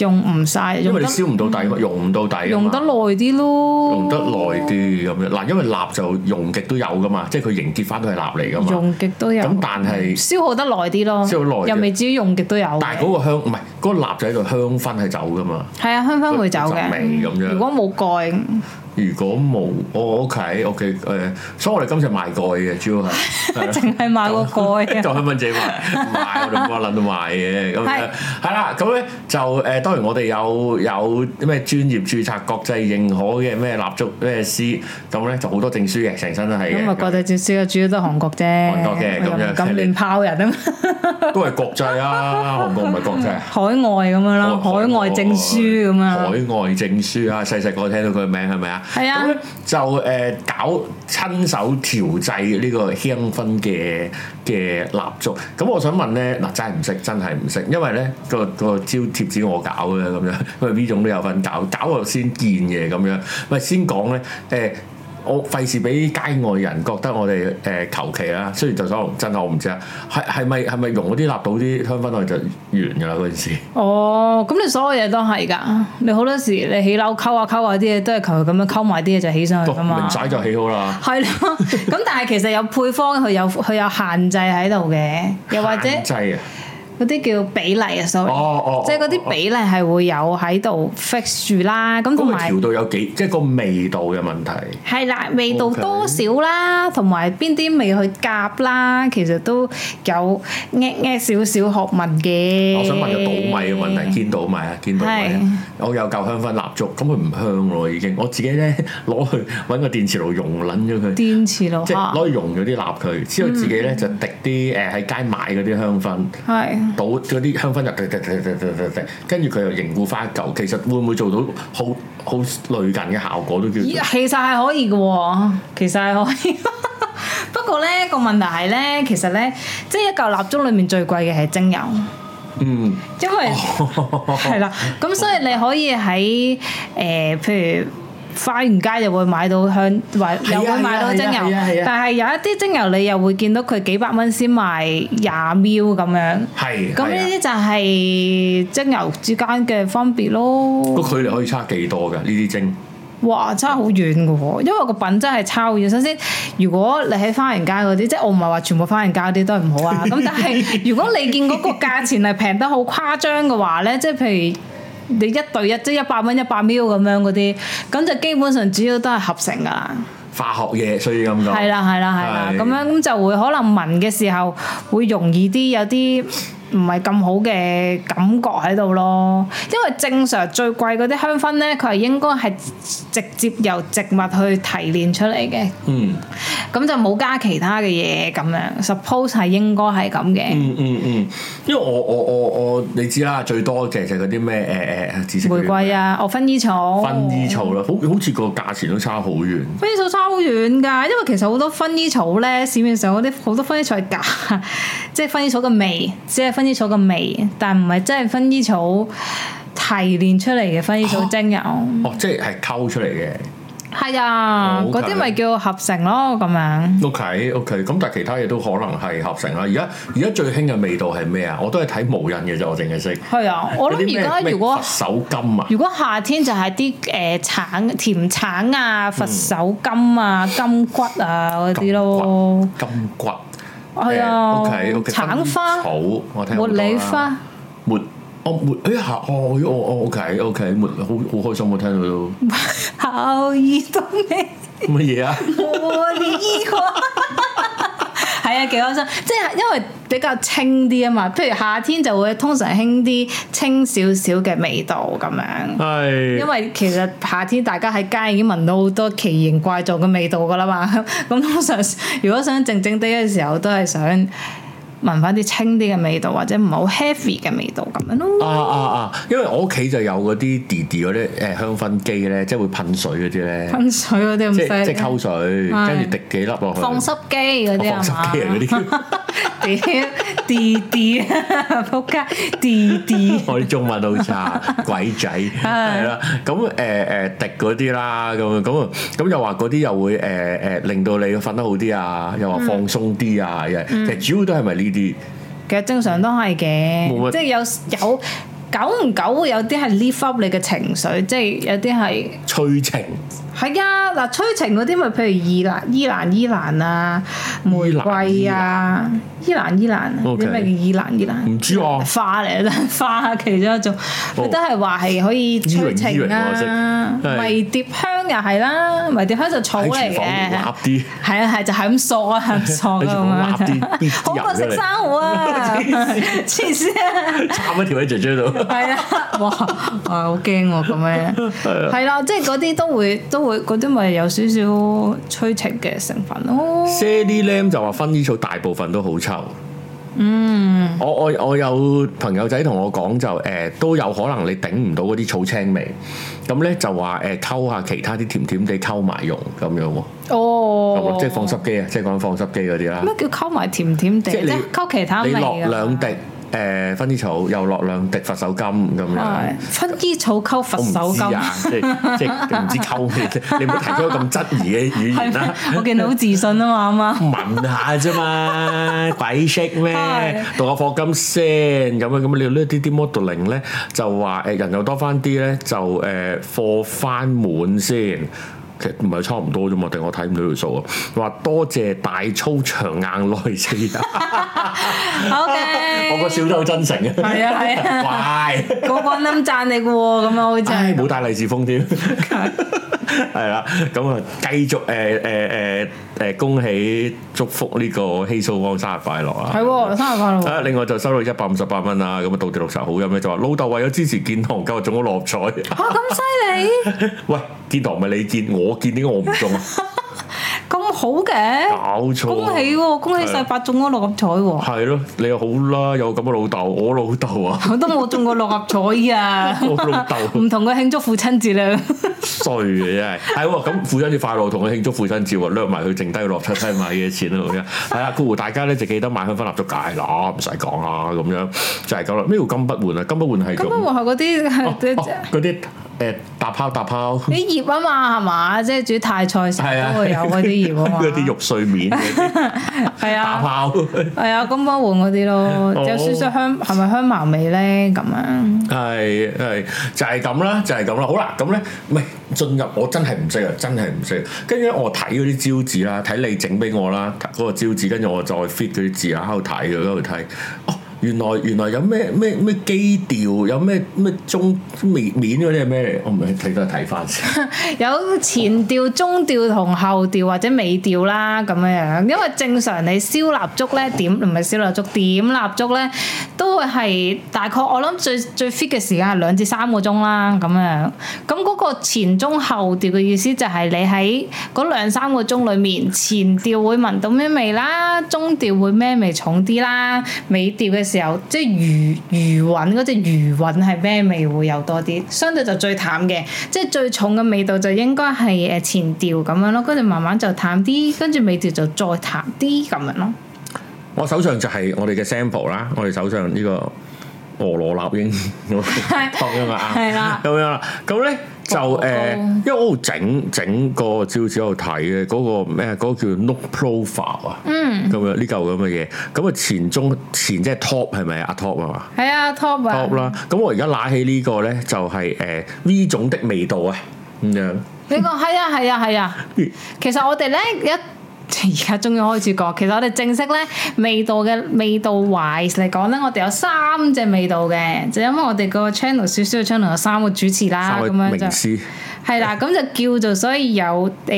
用唔晒，因為你燒唔到底，用唔到底，用得耐啲咯，用得耐啲咁樣。嗱，因為蠟就融極都有噶嘛，即係佢凝結翻都係蠟嚟噶嘛，用極都有。咁但係消耗得耐啲咯，又未至於用極都有。但係嗰個香唔係嗰個蠟就喺度香薰係走噶嘛，係啊，香薰會走嘅味咁樣。如果冇蓋。如果冇我屋企屋企誒，哦 okay, okay, uh, 所以我哋今次賣蓋嘅主要係淨係賣個蓋，就係問姐賣，賣我哋冇話撚賣嘅咁樣係啦。咁咧就誒，當然我哋有有咩專業註冊國際認可嘅咩蠟燭咩師，咁咧就好多證書嘅，成身都係因咁啊，國際證書啊，主要都係韓國啫。韓國嘅咁樣咁亂拋人啊嘛， 都係國際啊，韓國唔係國際。海外咁樣啦，海外，海外證書咁啊。海外證書啊，細細個聽到佢嘅名係咪啊？係啊， 就誒搞親手調製呢個香薰嘅嘅蠟燭，咁我想問咧，嗱真係唔識，真係唔識，因為咧個個招貼紙我搞嘅咁樣，因為呢種都有份搞，搞我先見嘅咁樣，咪先講咧誒。呃我費事俾街外人覺得我哋誒求其啦，雖然就講真係我唔知啊，係係咪係咪融嗰啲納到啲香氛去就完㗎啦嗰件事哦，咁你所有嘢都係㗎，你好多時你起樓溝啊溝啊啲嘢都係求其咁樣溝埋啲嘢就起上去㗎嘛。唔曬、哦、就起好啦。係咯，咁但係其實有配方佢有佢有限制喺度嘅，又或者。嗰啲叫比例啊，所謂即係嗰啲比例係會有喺度 fix 住啦，咁同埋調到有幾即係個味道嘅問題係啦，味道多少啦，同埋邊啲味去夾啦，其實都有呃呃少少學問嘅。我想問個倒米嘅問題，堅倒米啊，堅倒米啊，我有嚿香薰蠟燭，咁佢唔香咯，已經我自己咧攞去揾個電磁爐溶撚咗佢，電磁爐即係攞去溶咗啲蠟佢，之後自己咧就滴啲誒喺街買嗰啲香薰係。倒嗰啲香薰入，滴跟住佢又凝固返一嚿。其實會唔會做到好好類近嘅效果都叫其？其實係可以嘅，其實係可以。不過呢個問題係呢，其實呢，即係一嚿蠟燭裏面最貴嘅係精油。嗯，因為係啦，咁、哦、 所以你可以喺誒、呃、譬如，花園街又會買到香，或又會買到精油，但係有一啲精油你又會見到佢幾百蚊先賣廿 ml 咁樣。係，咁呢啲就係精油之間嘅分別咯。個距離可以差幾多㗎？呢啲精哇，差好遠㗎喎！因為個品質係差好遠。首先，如果你喺花園街嗰啲，即係我唔係話全部花園街嗰啲都係唔好啊。咁但係如果你見嗰個價錢係平得好誇張嘅話呢，即係譬如。你一對一即係一百蚊一百 ml 咁樣嗰啲，咁、就是、就基本上主要都係合成噶啦。化學嘢所以咁講。係啦係啦係啦，咁樣咁就會可能聞嘅時候會容易啲有啲。唔係咁好嘅感覺喺度咯，因為正常最貴嗰啲香薰咧，佢係應該係直接由植物去提煉出嚟嘅。嗯嗯。嗯，咁就冇加其他嘅嘢咁樣，suppose 係應該係咁嘅。嗯嗯嗯，因為我我我我你知啦，最多嘅就嗰啲咩誒誒紫色玫瑰啊，麼哦薰衣草，薰衣草咯，好好似個價錢都差好遠。薰衣草差好遠㗎，因為其實好多薰衣草咧，市面上嗰啲好多薰衣草係假，即係薰衣草嘅味，即係。薰衣草嘅味，但唔係真係薰衣草提煉出嚟嘅薰衣草精油。哦，即係溝出嚟嘅。係 啊，嗰啲咪叫合成咯，咁樣。O K O K，咁但係其他嘢都可能係合成啦。而家而家最興嘅味道係咩啊？我都係睇無印嘅啫，我淨係識。係啊，我諗而家如果佛手柑啊，如果夏天就係啲誒橙甜橙啊，佛手柑啊，柑、嗯、柑骨啊嗰啲咯。柑骨。係啊，橙花、草、茉莉、啊、花、茉，哦茉，哎呀，哦、哎、呀哦 OK OK，茉、okay，好好開心，我聽到。好意中咩乜嘢啊？茉莉花。係啊，幾開心！即係因為比較清啲啊嘛，譬如夏天就會通常興啲清少少嘅味道咁樣。係是，因為其實夏天大家喺街已經聞到好多奇形怪狀嘅味道噶啦嘛。咁通常如果想靜靜啲嘅時候，都係想，聞翻啲清啲嘅味道，或者唔好 heavy 嘅味道咁樣咯。啊啊啊！因為我屋企就有嗰啲滴滴嗰啲誒香薰機咧，即係會噴水嗰啲咧。噴水嗰啲唔使。即係即溝水，跟住滴幾粒落去。放濕機嗰啲係嘛？放濕機啊嗰啲。屌滴滴，撲街滴滴。我啲中文好差，鬼仔係啦。咁誒誒滴嗰啲啦，咁樣咁咁又話嗰啲又會誒誒令到你瞓得好啲啊，又話放鬆啲啊，因為其實主要都係咪呢？其實正常都係嘅，即係有有久唔久會有啲係 lift up 你嘅情緒，即係有啲係催情。係啊，嗱，催情嗰啲咪譬如依蘭依蘭依蘭啊，玫瑰啊，依蘭依蘭，啲咩叫依蘭依蘭？唔知喎，花嚟啦，花，其中一種，佢都係話係可以催情啊。迷迭香又係啦，迷迭香就草嚟嘅。啲，係啊係，就係咁索啊索咁啊，好過食生蠔啊！黐線，趴喺條喺姐姐度。係啊，哇！好驚喎咁樣，係啊，係啦，即係嗰啲都會都。嗰啲咪有少少催情嘅成分咯。Shady Lamb、哦、就話薰衣草大部分都好臭。嗯，我我我有朋友仔同我講就誒、呃、都有可能你頂唔到嗰啲草青味。咁咧就話誒溝下其他啲甜甜地溝埋用咁樣喎。哦，即係放濕機啊，即係講放濕機嗰啲啦。乜叫溝埋甜甜地？即係溝其他味你落兩滴。誒、嗯、薰衣草又落兩滴佛手柑咁樣，薰衣、嗯啊、草溝佛手柑，即即唔知溝咩、啊？ 你唔好提出咁質疑嘅語言啦、啊。我見到好自信啊嘛，啱、啊、啱？問 下啫嘛，鬼識咩？同 我課金先咁樣咁，你呢啲啲 modeling 咧就話誒人又多翻啲咧就誒貨翻滿先。其實唔係差唔多啫嘛，定我睇唔到條數啊！話多謝大粗長硬內事啊 ！OK， 我個笑都好真誠 啊！係啊係啊，乖，個個都咁讚你嘅、啊、喎，咁樣好正，冇帶利是風添。 係啦，咁啊， 繼續誒誒誒誒，恭喜祝福呢個希蘇安生日快樂 啊！係，生日快樂！另外就收到一百五十八蚊啦，咁啊，倒地綠茶好飲嘅，就話老豆為咗支持建堂，今日中咗六合彩，吓咁犀利！喂，建堂咪你建，我建點解我唔中啊？ 咁好嘅搞錯、啊，恭喜喎的！恭喜曬八中咗六合彩喎、啊！係咯，你又好啦，有咁嘅老豆，我老豆啊， 我都冇中過六合彩啊！ 我老豆唔同佢慶祝父親節啦，衰嘅真係，係喎，咁父親節快樂，同佢慶祝父親節喎，攞埋佢剩低嘅六合彩買嘢錢咯，係、嗯、啦，顧乎 大家咧就記得買香薰蠟燭戒啦，唔使講啊，咁樣就係咁啦，咩叫金不換啊？金不換係金不換係嗰啲係嗰啲。啊啊 誒，打拋打拋，啲葉啊嘛，係嘛，即係煮泰菜食都會有嗰啲葉啊嘛，嗰啲 肉碎麵，係 啊，打拋烤，係啊、 哎，咁我換嗰啲咯，有少少香，係咪香茅味咧？咁啊，係係、嗯，就係咁啦，就係咁啦。好啦，咁咧，喂，進入我真係唔識啊，真係唔識。跟住我睇嗰啲招紙啦，睇你整俾我啦，嗰、那個招紙，跟住我再 fit 嗰啲字啊，喺度睇，喺度睇。原來，原來有咩咩咩基調，有咩咩中味面嗰啲係咩嚟？我唔係睇，都係睇翻先。 有前調、中調同後調或者尾調啦，咁樣樣。因為正常你燒蠟燭咧，點，唔係燒蠟燭，點蠟燭咧，都會係大概我諗最最 fit 嘅時間係兩至三個鐘啦，咁樣。咁嗰個前中後調嘅意思就係你喺嗰兩三個鐘裡面，前調會聞到咩味啦，中調會咩味重啲啦，尾調嘅時候即係餘餘韻嗰隻餘韻係咩味會有多啲，相對就最淡嘅，即係最重嘅味道就應該係誒前調咁樣咯，跟住慢慢就淡啲，跟住尾調就再淡啲咁樣咯。我手上就係我哋嘅 sample 啦，我哋手上呢個俄羅蠟已經係啦咁樣啦，咁咧 是的。就誒，欸、高高因為我喺度整整個招紙喺度睇嘅，嗰、那個咩、那個嗯、啊？嗰個叫 note profile 啊，咁樣呢嚿咁嘅嘢。咁啊前中前即係 top 係咪啊？top 係嘛？係啊，top 啊。top 啦。咁我而家拿起個呢個咧，就係、是、誒、uh, V 種的味道啊。咁樣呢個係啊係啊係啊。啊啊 其實我哋咧一。而家終於開始過，其實我哋正式咧味道嘅味道 wise 嚟講咧，我哋有三隻味道嘅，就是、因為我哋個 channel 少少嘅 channel 有三個主持啦，咁三位 樣就係思啦，咁就叫做所以有誒、呃，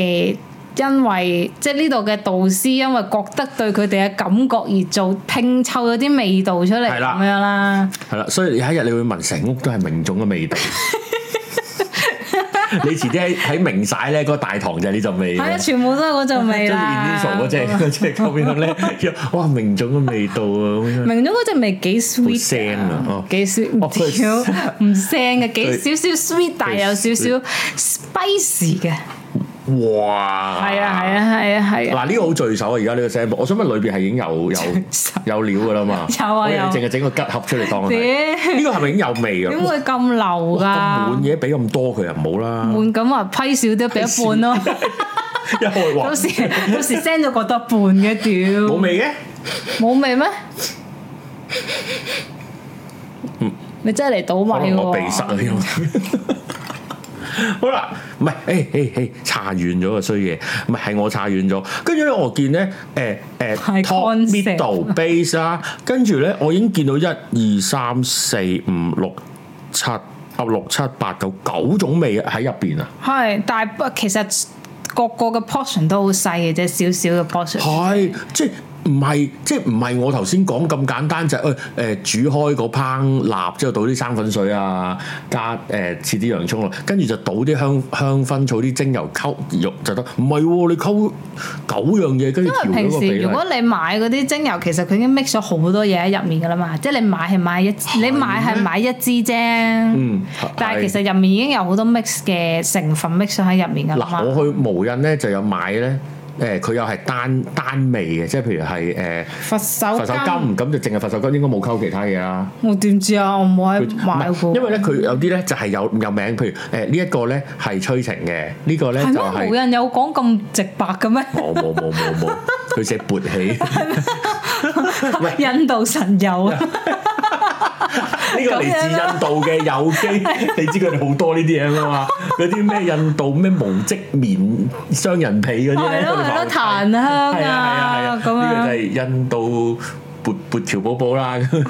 因為即係呢度嘅導師，因為覺得對佢哋嘅感覺而做拼湊咗啲味道出嚟，係啦，咁樣啦，係啦，所以有一日你會聞成屋都係名種嘅味道。 你遲啲喺喺明晒咧，嗰個大堂就係呢陣味。係啊，全部都係嗰陣味啦。中意呢首嗰隻即隻，後邊嗰。咧哇，明總嘅味道啊！明總嗰隻味幾 sweet 啊～唔腥啊！哦，幾唔 sweet 哦，唔腥嘅，幾少少 sweet，但有少少 spicy 嘅。哇！係啊，係啊，係啊，係啊！嗱，呢個好聚首啊！而家呢個 sample 我想問裏邊係已經有有有料㗎啦嘛？有啊有！淨係整個吉盒出嚟當？呢個係咪已經有味啊？點會咁流㗎？滿嘢俾咁多佢又冇啦。滿咁啊批少啲俾一半咯。一開有時有時 send 咗覺得半嘅屌，冇味嘅，冇味咩？你真係嚟倒賣我鼻塞啊！ 好啦，唔、哎、係，誒誒誒，搽、哎、完咗個衰嘢，唔係，係我搽完咗。跟住咧，我見咧，誒誒，top middle base 啦，跟住咧，我已經見到一二三四五六七啊，六七八九九種味喺入邊啊。係最，但係不過其實個個嘅 portion 都好細嘅啫，少少嘅 portion。係，即係。唔係，即係唔係我頭先講咁簡單就係誒誒煮開個烹蠟，之後倒啲生粉水啊，加誒、欸、切啲洋葱咯，跟住就倒啲香香薰草啲精油溝，肉就得。唔係喎，你溝九樣嘢，跟住因為平時如果你買嗰啲精油，其實佢已經 mix 咗好多嘢喺入面噶啦嘛，即係你買係買一，嗎你買係買一支啫。嗯，但係其實入面已經有好多 mix 嘅成分 mix 咗喺入面噶啦。嗱，我去無印咧就有買咧。誒佢又係單單味嘅，即係譬如係誒佛手首佛手柑，咁就淨係佛手柑，應該冇溝其他嘢啦。我點知啊？我冇喺買，因為咧佢有啲咧就係、是、有有名，譬如誒、欸這個、呢一個咧係催情嘅，這個、呢個咧嗎就係、是、冇人有講咁直白嘅咩？冇冇冇冇冇，佢寫勃起，印 度是嗎 神油。啊！ 呢個嚟自印度嘅有機， 你知佢哋好多呢啲嘢噶嘛？嗰啲咩印度咩無織棉雙人被嗰啲咧，有冇檀香啊？係啊係啊係啊，咁樣呢個就係印度。撥條寶寶啦，唔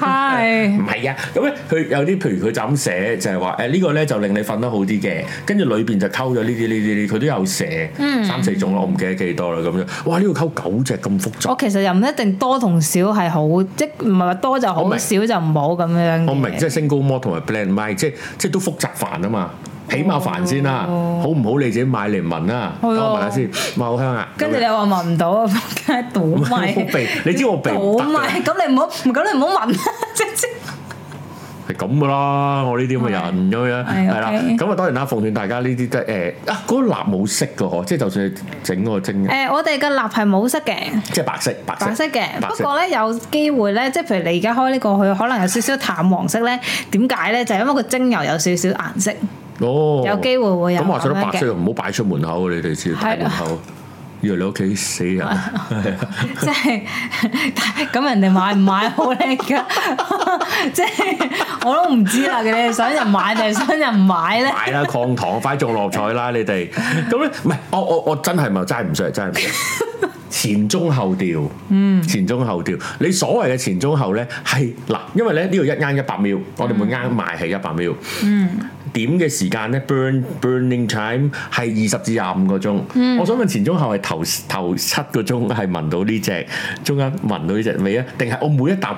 係啊？咁咧佢有啲，譬如佢就咁寫，就係話誒呢個咧就令你瞓得好啲嘅，跟住裏邊就溝咗呢啲呢啲呢，佢都有寫、mm. 三四種咯，我唔記得幾多啦咁樣，哇呢個溝九隻咁複雜，我其實又唔一定多同少係好，即唔係話多就好，少就唔好咁樣。我明,我明即係 single mode 同埋 blend mic，即係即係都複雜煩啊嘛。起碼煩先啦，好唔好？你自己買嚟聞啦，我聞下先。聞好香啊！跟住你話聞唔到啊，喺度倒賣。你知我鼻唔？倒賣咁你唔好，咁你唔好聞啦。係咁噶啦，我呢啲咁嘅人咁樣係啦。咁啊當然啦，奉勸大家呢啲都係誒啊嗰個蠟冇色嘅呵，即係就算你整嗰個精油誒，我哋嘅蠟係冇色嘅，即係白色白色嘅。不過咧有機會咧，即係譬如你而家開呢個佢可能有少少淡黃色咧，點解咧？就係因為個精油有少少顏色。哦，有機會會有。咁話曬都白色，唔好擺出門口，你哋知出門口，以為你屋企死人，即係咁人哋買唔買好叻噶，即係我都唔知啦。你想人買定想人唔買咧？買啦，抗糖快中六合彩啦！你哋咁咧，唔係我我我真係咪猜唔上？猜唔上前中後調，嗯，前中後調，你所謂嘅前中後咧係嗱，因為咧呢度一啱一百秒，我哋每啱賣係一百秒，嗯。點嘅時間咧，burn burning time 係二十至廿五個鐘。我想問前中後係頭頭七個鐘係聞到呢隻，中間聞到呢隻味啊？定係我每一啖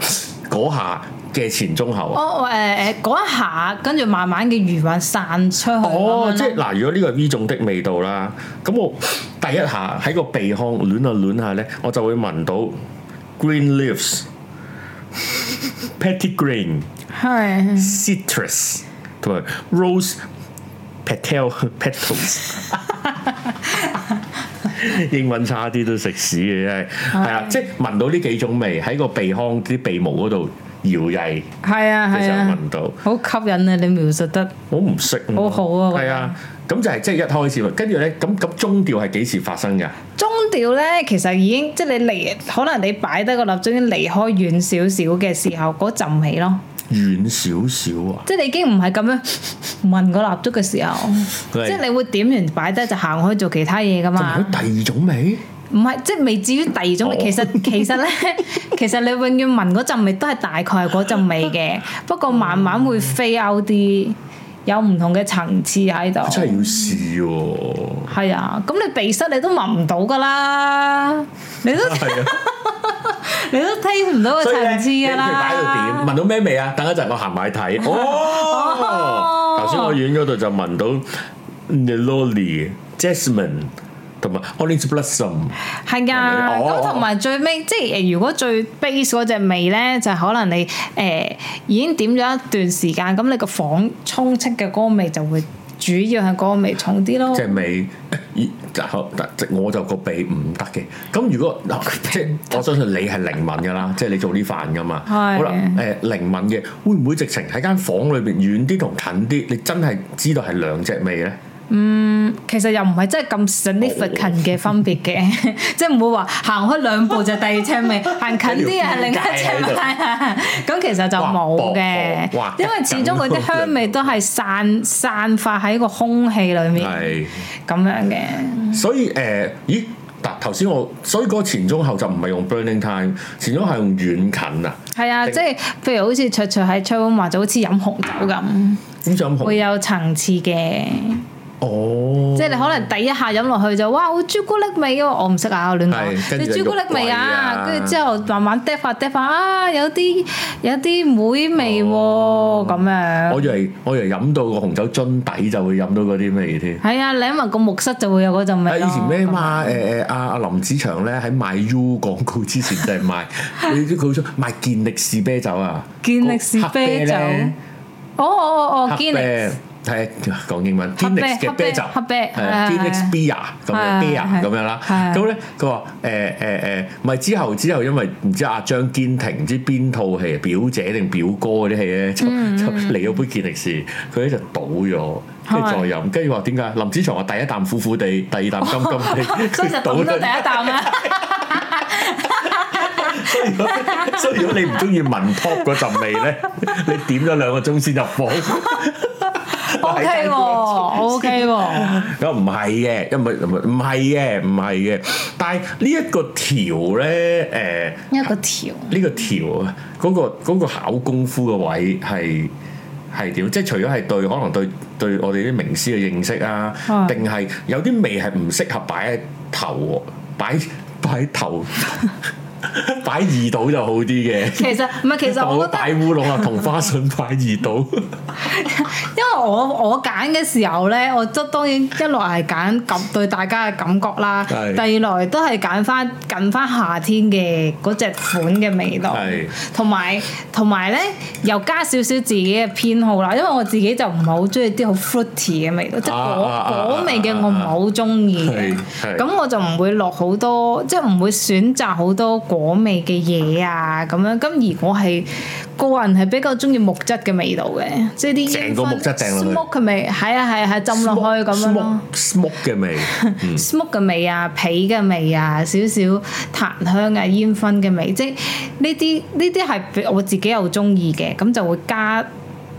嗰下嘅前中後？我誒誒嗰一下，跟住慢慢嘅餘韻散出去。哦，即係嗱，如果呢個係依種的味道啦，咁我第一下喺個鼻腔攣下攣下咧，我就會聞到 green leaves, petitgrain, citrus。同 rose petal petals， 英文差啲都食屎嘅真係，係 啊，係啊即係聞到呢幾種味喺個鼻腔啲鼻毛嗰度搖曳，係啊，係聞到，好、啊、吸引啊！你描述得，好唔識，好好啊，係啊，咁就係即係一開始咯，跟住咧，咁咁中調係幾時發生噶？中調咧，其實已經即係你離，可能你擺低個蠟燭離開遠少少嘅時候，嗰陣味咯。遠少少啊！即係你已經唔係咁樣聞嗰蠟燭嘅時候， 即係你會點完擺低就行開做其他嘢噶嘛？第二種味？唔係，即係未至於第二種味。哦、其實其實咧， 其實你永遠聞嗰陣味都係大概係嗰陣味嘅，不過慢慢會飛 out 啲，有唔同嘅層次喺度。真係要試喎！係啊，咁你鼻塞你都聞唔到噶啦，你都。 你都 taste 唔到個層次噶啦。所以咧，拎佢擺喺度點，聞到咩味啊？等一陣我行埋睇。哦，頭先我喺院嗰度就聞到，neroli，jasmine，同埋 orange blossom。係噶，同埋最尾即係如果最 base 嗰隻味咧，就可能你誒已經點咗一段時間，咁你個房充斥嘅嗰個味就會主要係嗰個味重啲咯。即係味。就好得，我就個鼻唔得嘅。咁如果嗱，即係我相信你係靈敏嘅啦， 即係你做啲飯噶嘛。 好啦，誒、呃、靈敏嘅會唔會直情喺間房裏邊遠啲同近啲？你真係知道係兩隻味咧？嗯，其實又唔係真係咁 significant 嘅分別嘅，oh. 即係唔會話行開兩步就第二層味，行 近啲又另一層味，咁 其實就冇嘅，薄薄薄，因為始終嗰啲香味都係散散發喺個空氣裏面咁是樣嘅、呃。所以誒，咦？嗱，頭先我所以個前中後就唔係用 burning time，前中係用遠近啊。係啊定，即係譬如好似卓卓喺 c h i 話，就好似飲紅酒咁，點、嗯嗯、會有層次嘅？嗯哦，即係你可能第一下飲落去就哇，好朱古力味啊！我唔識啊，我亂講，你朱古力味啊！跟住之後慢慢嗒返嗒返啊，有啲有啲梅味咁樣。我以為我以為飲到個紅酒樽底就會飲到嗰啲味添。係啊，你喺埋個木塞就會有嗰陣味咯。啊，以前咩嘛？誒誒阿阿林子祥咧喺賣 U 廣告之前就係賣，你知佢好似賣健力士啤酒啊，健力士啤酒，哦哦哦哦健力。睇講英文，健力士嘅啤酒，係啊，健力士 beer 咁樣，beer 咁樣啦。咁咧，佢話誒誒誒，唔係之後之後，因為唔知阿張堅庭唔知邊套戲，表姐定表哥嗰啲戲咧，嚟咗杯健力士，佢喺度倒咗，跟住再飲，跟住話點解？林子祥話第一啖苦苦地，第二啖甘甘地，其實倒咗第一啖啦。所以如果你唔中意聞 top 嗰陣味咧，你點咗兩個鐘先入房。O K 喎，O K 喎，咁唔係嘅，一唔唔唔係嘅，唔係嘅。但係呢、呃、一個調咧，誒，一個調，呢個調啊，嗰個考功夫嘅位係係點？即係除咗係對可能對對我哋啲名師嘅認識啊，定係、uh. 有啲味係唔適合擺喺頭，擺喺頭。 擺 二島就好啲嘅，其實唔係，其實我覺得擺烏龍啊，同花順擺二島，因為我我揀嘅時候咧，我都當然一來係揀感對大家嘅感覺啦，是第二來都係揀翻近翻夏天嘅嗰隻款嘅味道，同埋同埋咧又加少少自己嘅偏好啦，因為我自己就唔係好中意啲好 fruity 嘅味道，即係果果味嘅我唔係好中意嘅，咁我就唔會落好多，即係唔會選擇好多。果味嘅嘢啊，咁樣，咁而我係個人係比較中意木質嘅味道嘅，即係啲成個木質正落去，smoke 嘅味，係啊係啊係浸落去咁樣，smoke 嘅味，smoke 嘅味啊，皮嘅味啊，少少檀香啊，煙燻嘅味，即係呢啲呢啲係我自己又中意嘅，咁就會加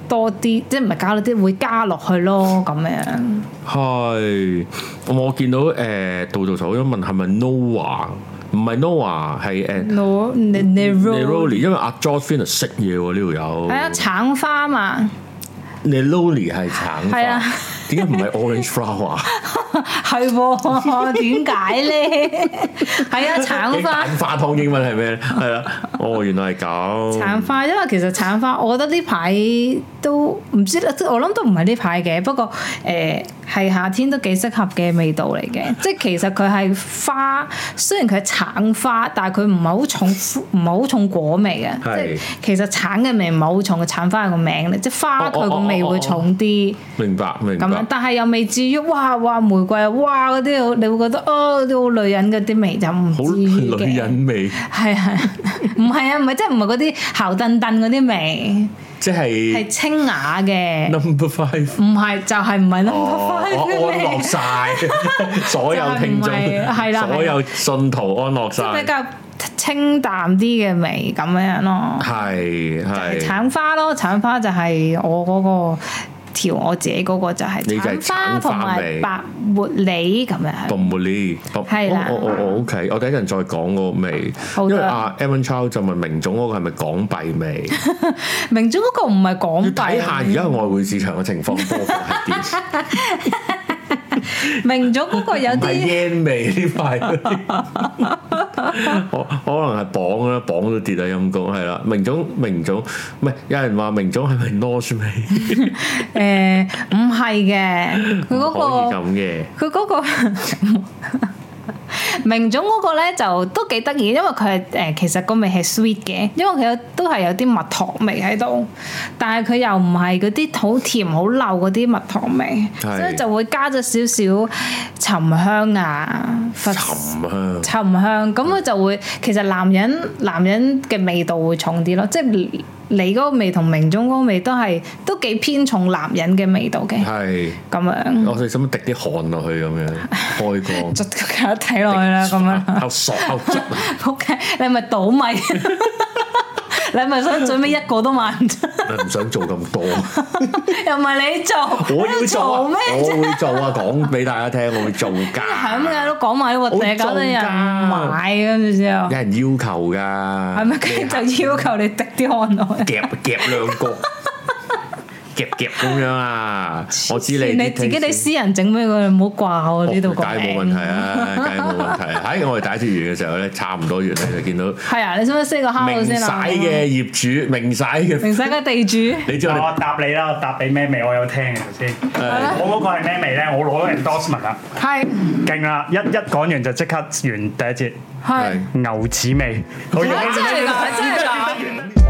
多啲，即係唔係加多啲會加落去咯，咁樣，係我我見到誒杜杜想問係咪 Nova？唔係 Nora，係 Neroli，因為阿 John Finn 識嘢喎，呢度有。係啊，橙花嘛。Neroli 係橙花。係啊，點解唔係 Orange Flower？係喎，點解咧？係啊，橙花。橙花湯英文係咩咧？係啊，哦，原來係咁。橙花，因為其實橙花，我覺得呢排都唔知，即係我諗都唔係呢排嘅，不過誒。係夏天都幾適合嘅味道嚟嘅，即係其實佢係花，雖然佢係橙花，但係佢唔係好重，唔係好重果味嘅。 即係其實橙嘅味唔係好重，個橙花個名咧，即係花佢個味會重啲。明白，明白。咁但係又未至於，哇哇玫瑰，哇嗰啲，你會覺得，哦，啲好女人嗰啲味就唔好女人味。係係，唔係啊，唔係即係唔係嗰啲姣燉燉嗰啲味，即係係清雅嘅，唔係就係唔係 number five 嘅味，安樂曬所有聽眾，係啦， 所有信徒安樂曬，on，比較清淡啲嘅味咁樣 樣咯，係係，橙花咯，橙花就係我嗰、嗰個。調我自己嗰個就係橙花味，花味白茉莉咁樣，白茉莉係啦。我我我 OK，我等陣再講個味，因為阿、 啊、Evan Charles 就問明總嗰個係咪港幣味？明 總嗰個唔係港幣。要睇下而家外匯市場嘅情況係點。 明總嗰個有啲煙味呢塊，可 可能係綁啦，綁咗跌啊，陰功係啦，明總明總，唔係有人話明總係咪 n o s s 味？誒，唔係嘅，佢嗰個咁嘅，佢嗰個。他那 明種嗰個咧就都幾得意，因為佢係誒其實個味係 sweet 嘅，因為佢有都係有啲蜜糖味喺度，但係佢又唔係嗰啲好甜好流嗰啲蜜糖味，是所以就會加咗少少沉香啊，沉香、啊、沉香，咁佢就會其實男人男人嘅味道會重啲咯，即係。你嗰味同明忠嗰味都係都幾偏重男人嘅味道嘅，係咁樣。我哋使唔使滴啲汗落去咁樣開個？捽佢喺體內啦，咁樣。好爽。O K，你係咪倒米？你咪想最尾一個都賣唔出，唔想做咁多，又唔係你做，我要做咩？我會做啊！講俾大家聽，我會做㗎。係咁嘅，都講埋啲話題，搞到人買咁樣之後，有人要求㗎，係咪？就要求你滴啲汗落嚟，夾唔夾量過？夾夾咁樣啊！我知你你自己你私人整俾佢，唔好掛我呢度講。梗係冇問題啊，梗係冇問題。喺我哋打脱完嘅時候咧，差唔多月你就見到。係啊，你識唔識個客戶先啦？明晒嘅業主，明晒嘅明晒嘅地主。你知我答你啦，我答你咩味？我有聽先？我嗰個係咩味咧？我攞咗 endorsement 啦，係，勁啦！一一講完就即刻完第一節，係牛屎味。真係噶，真係噶。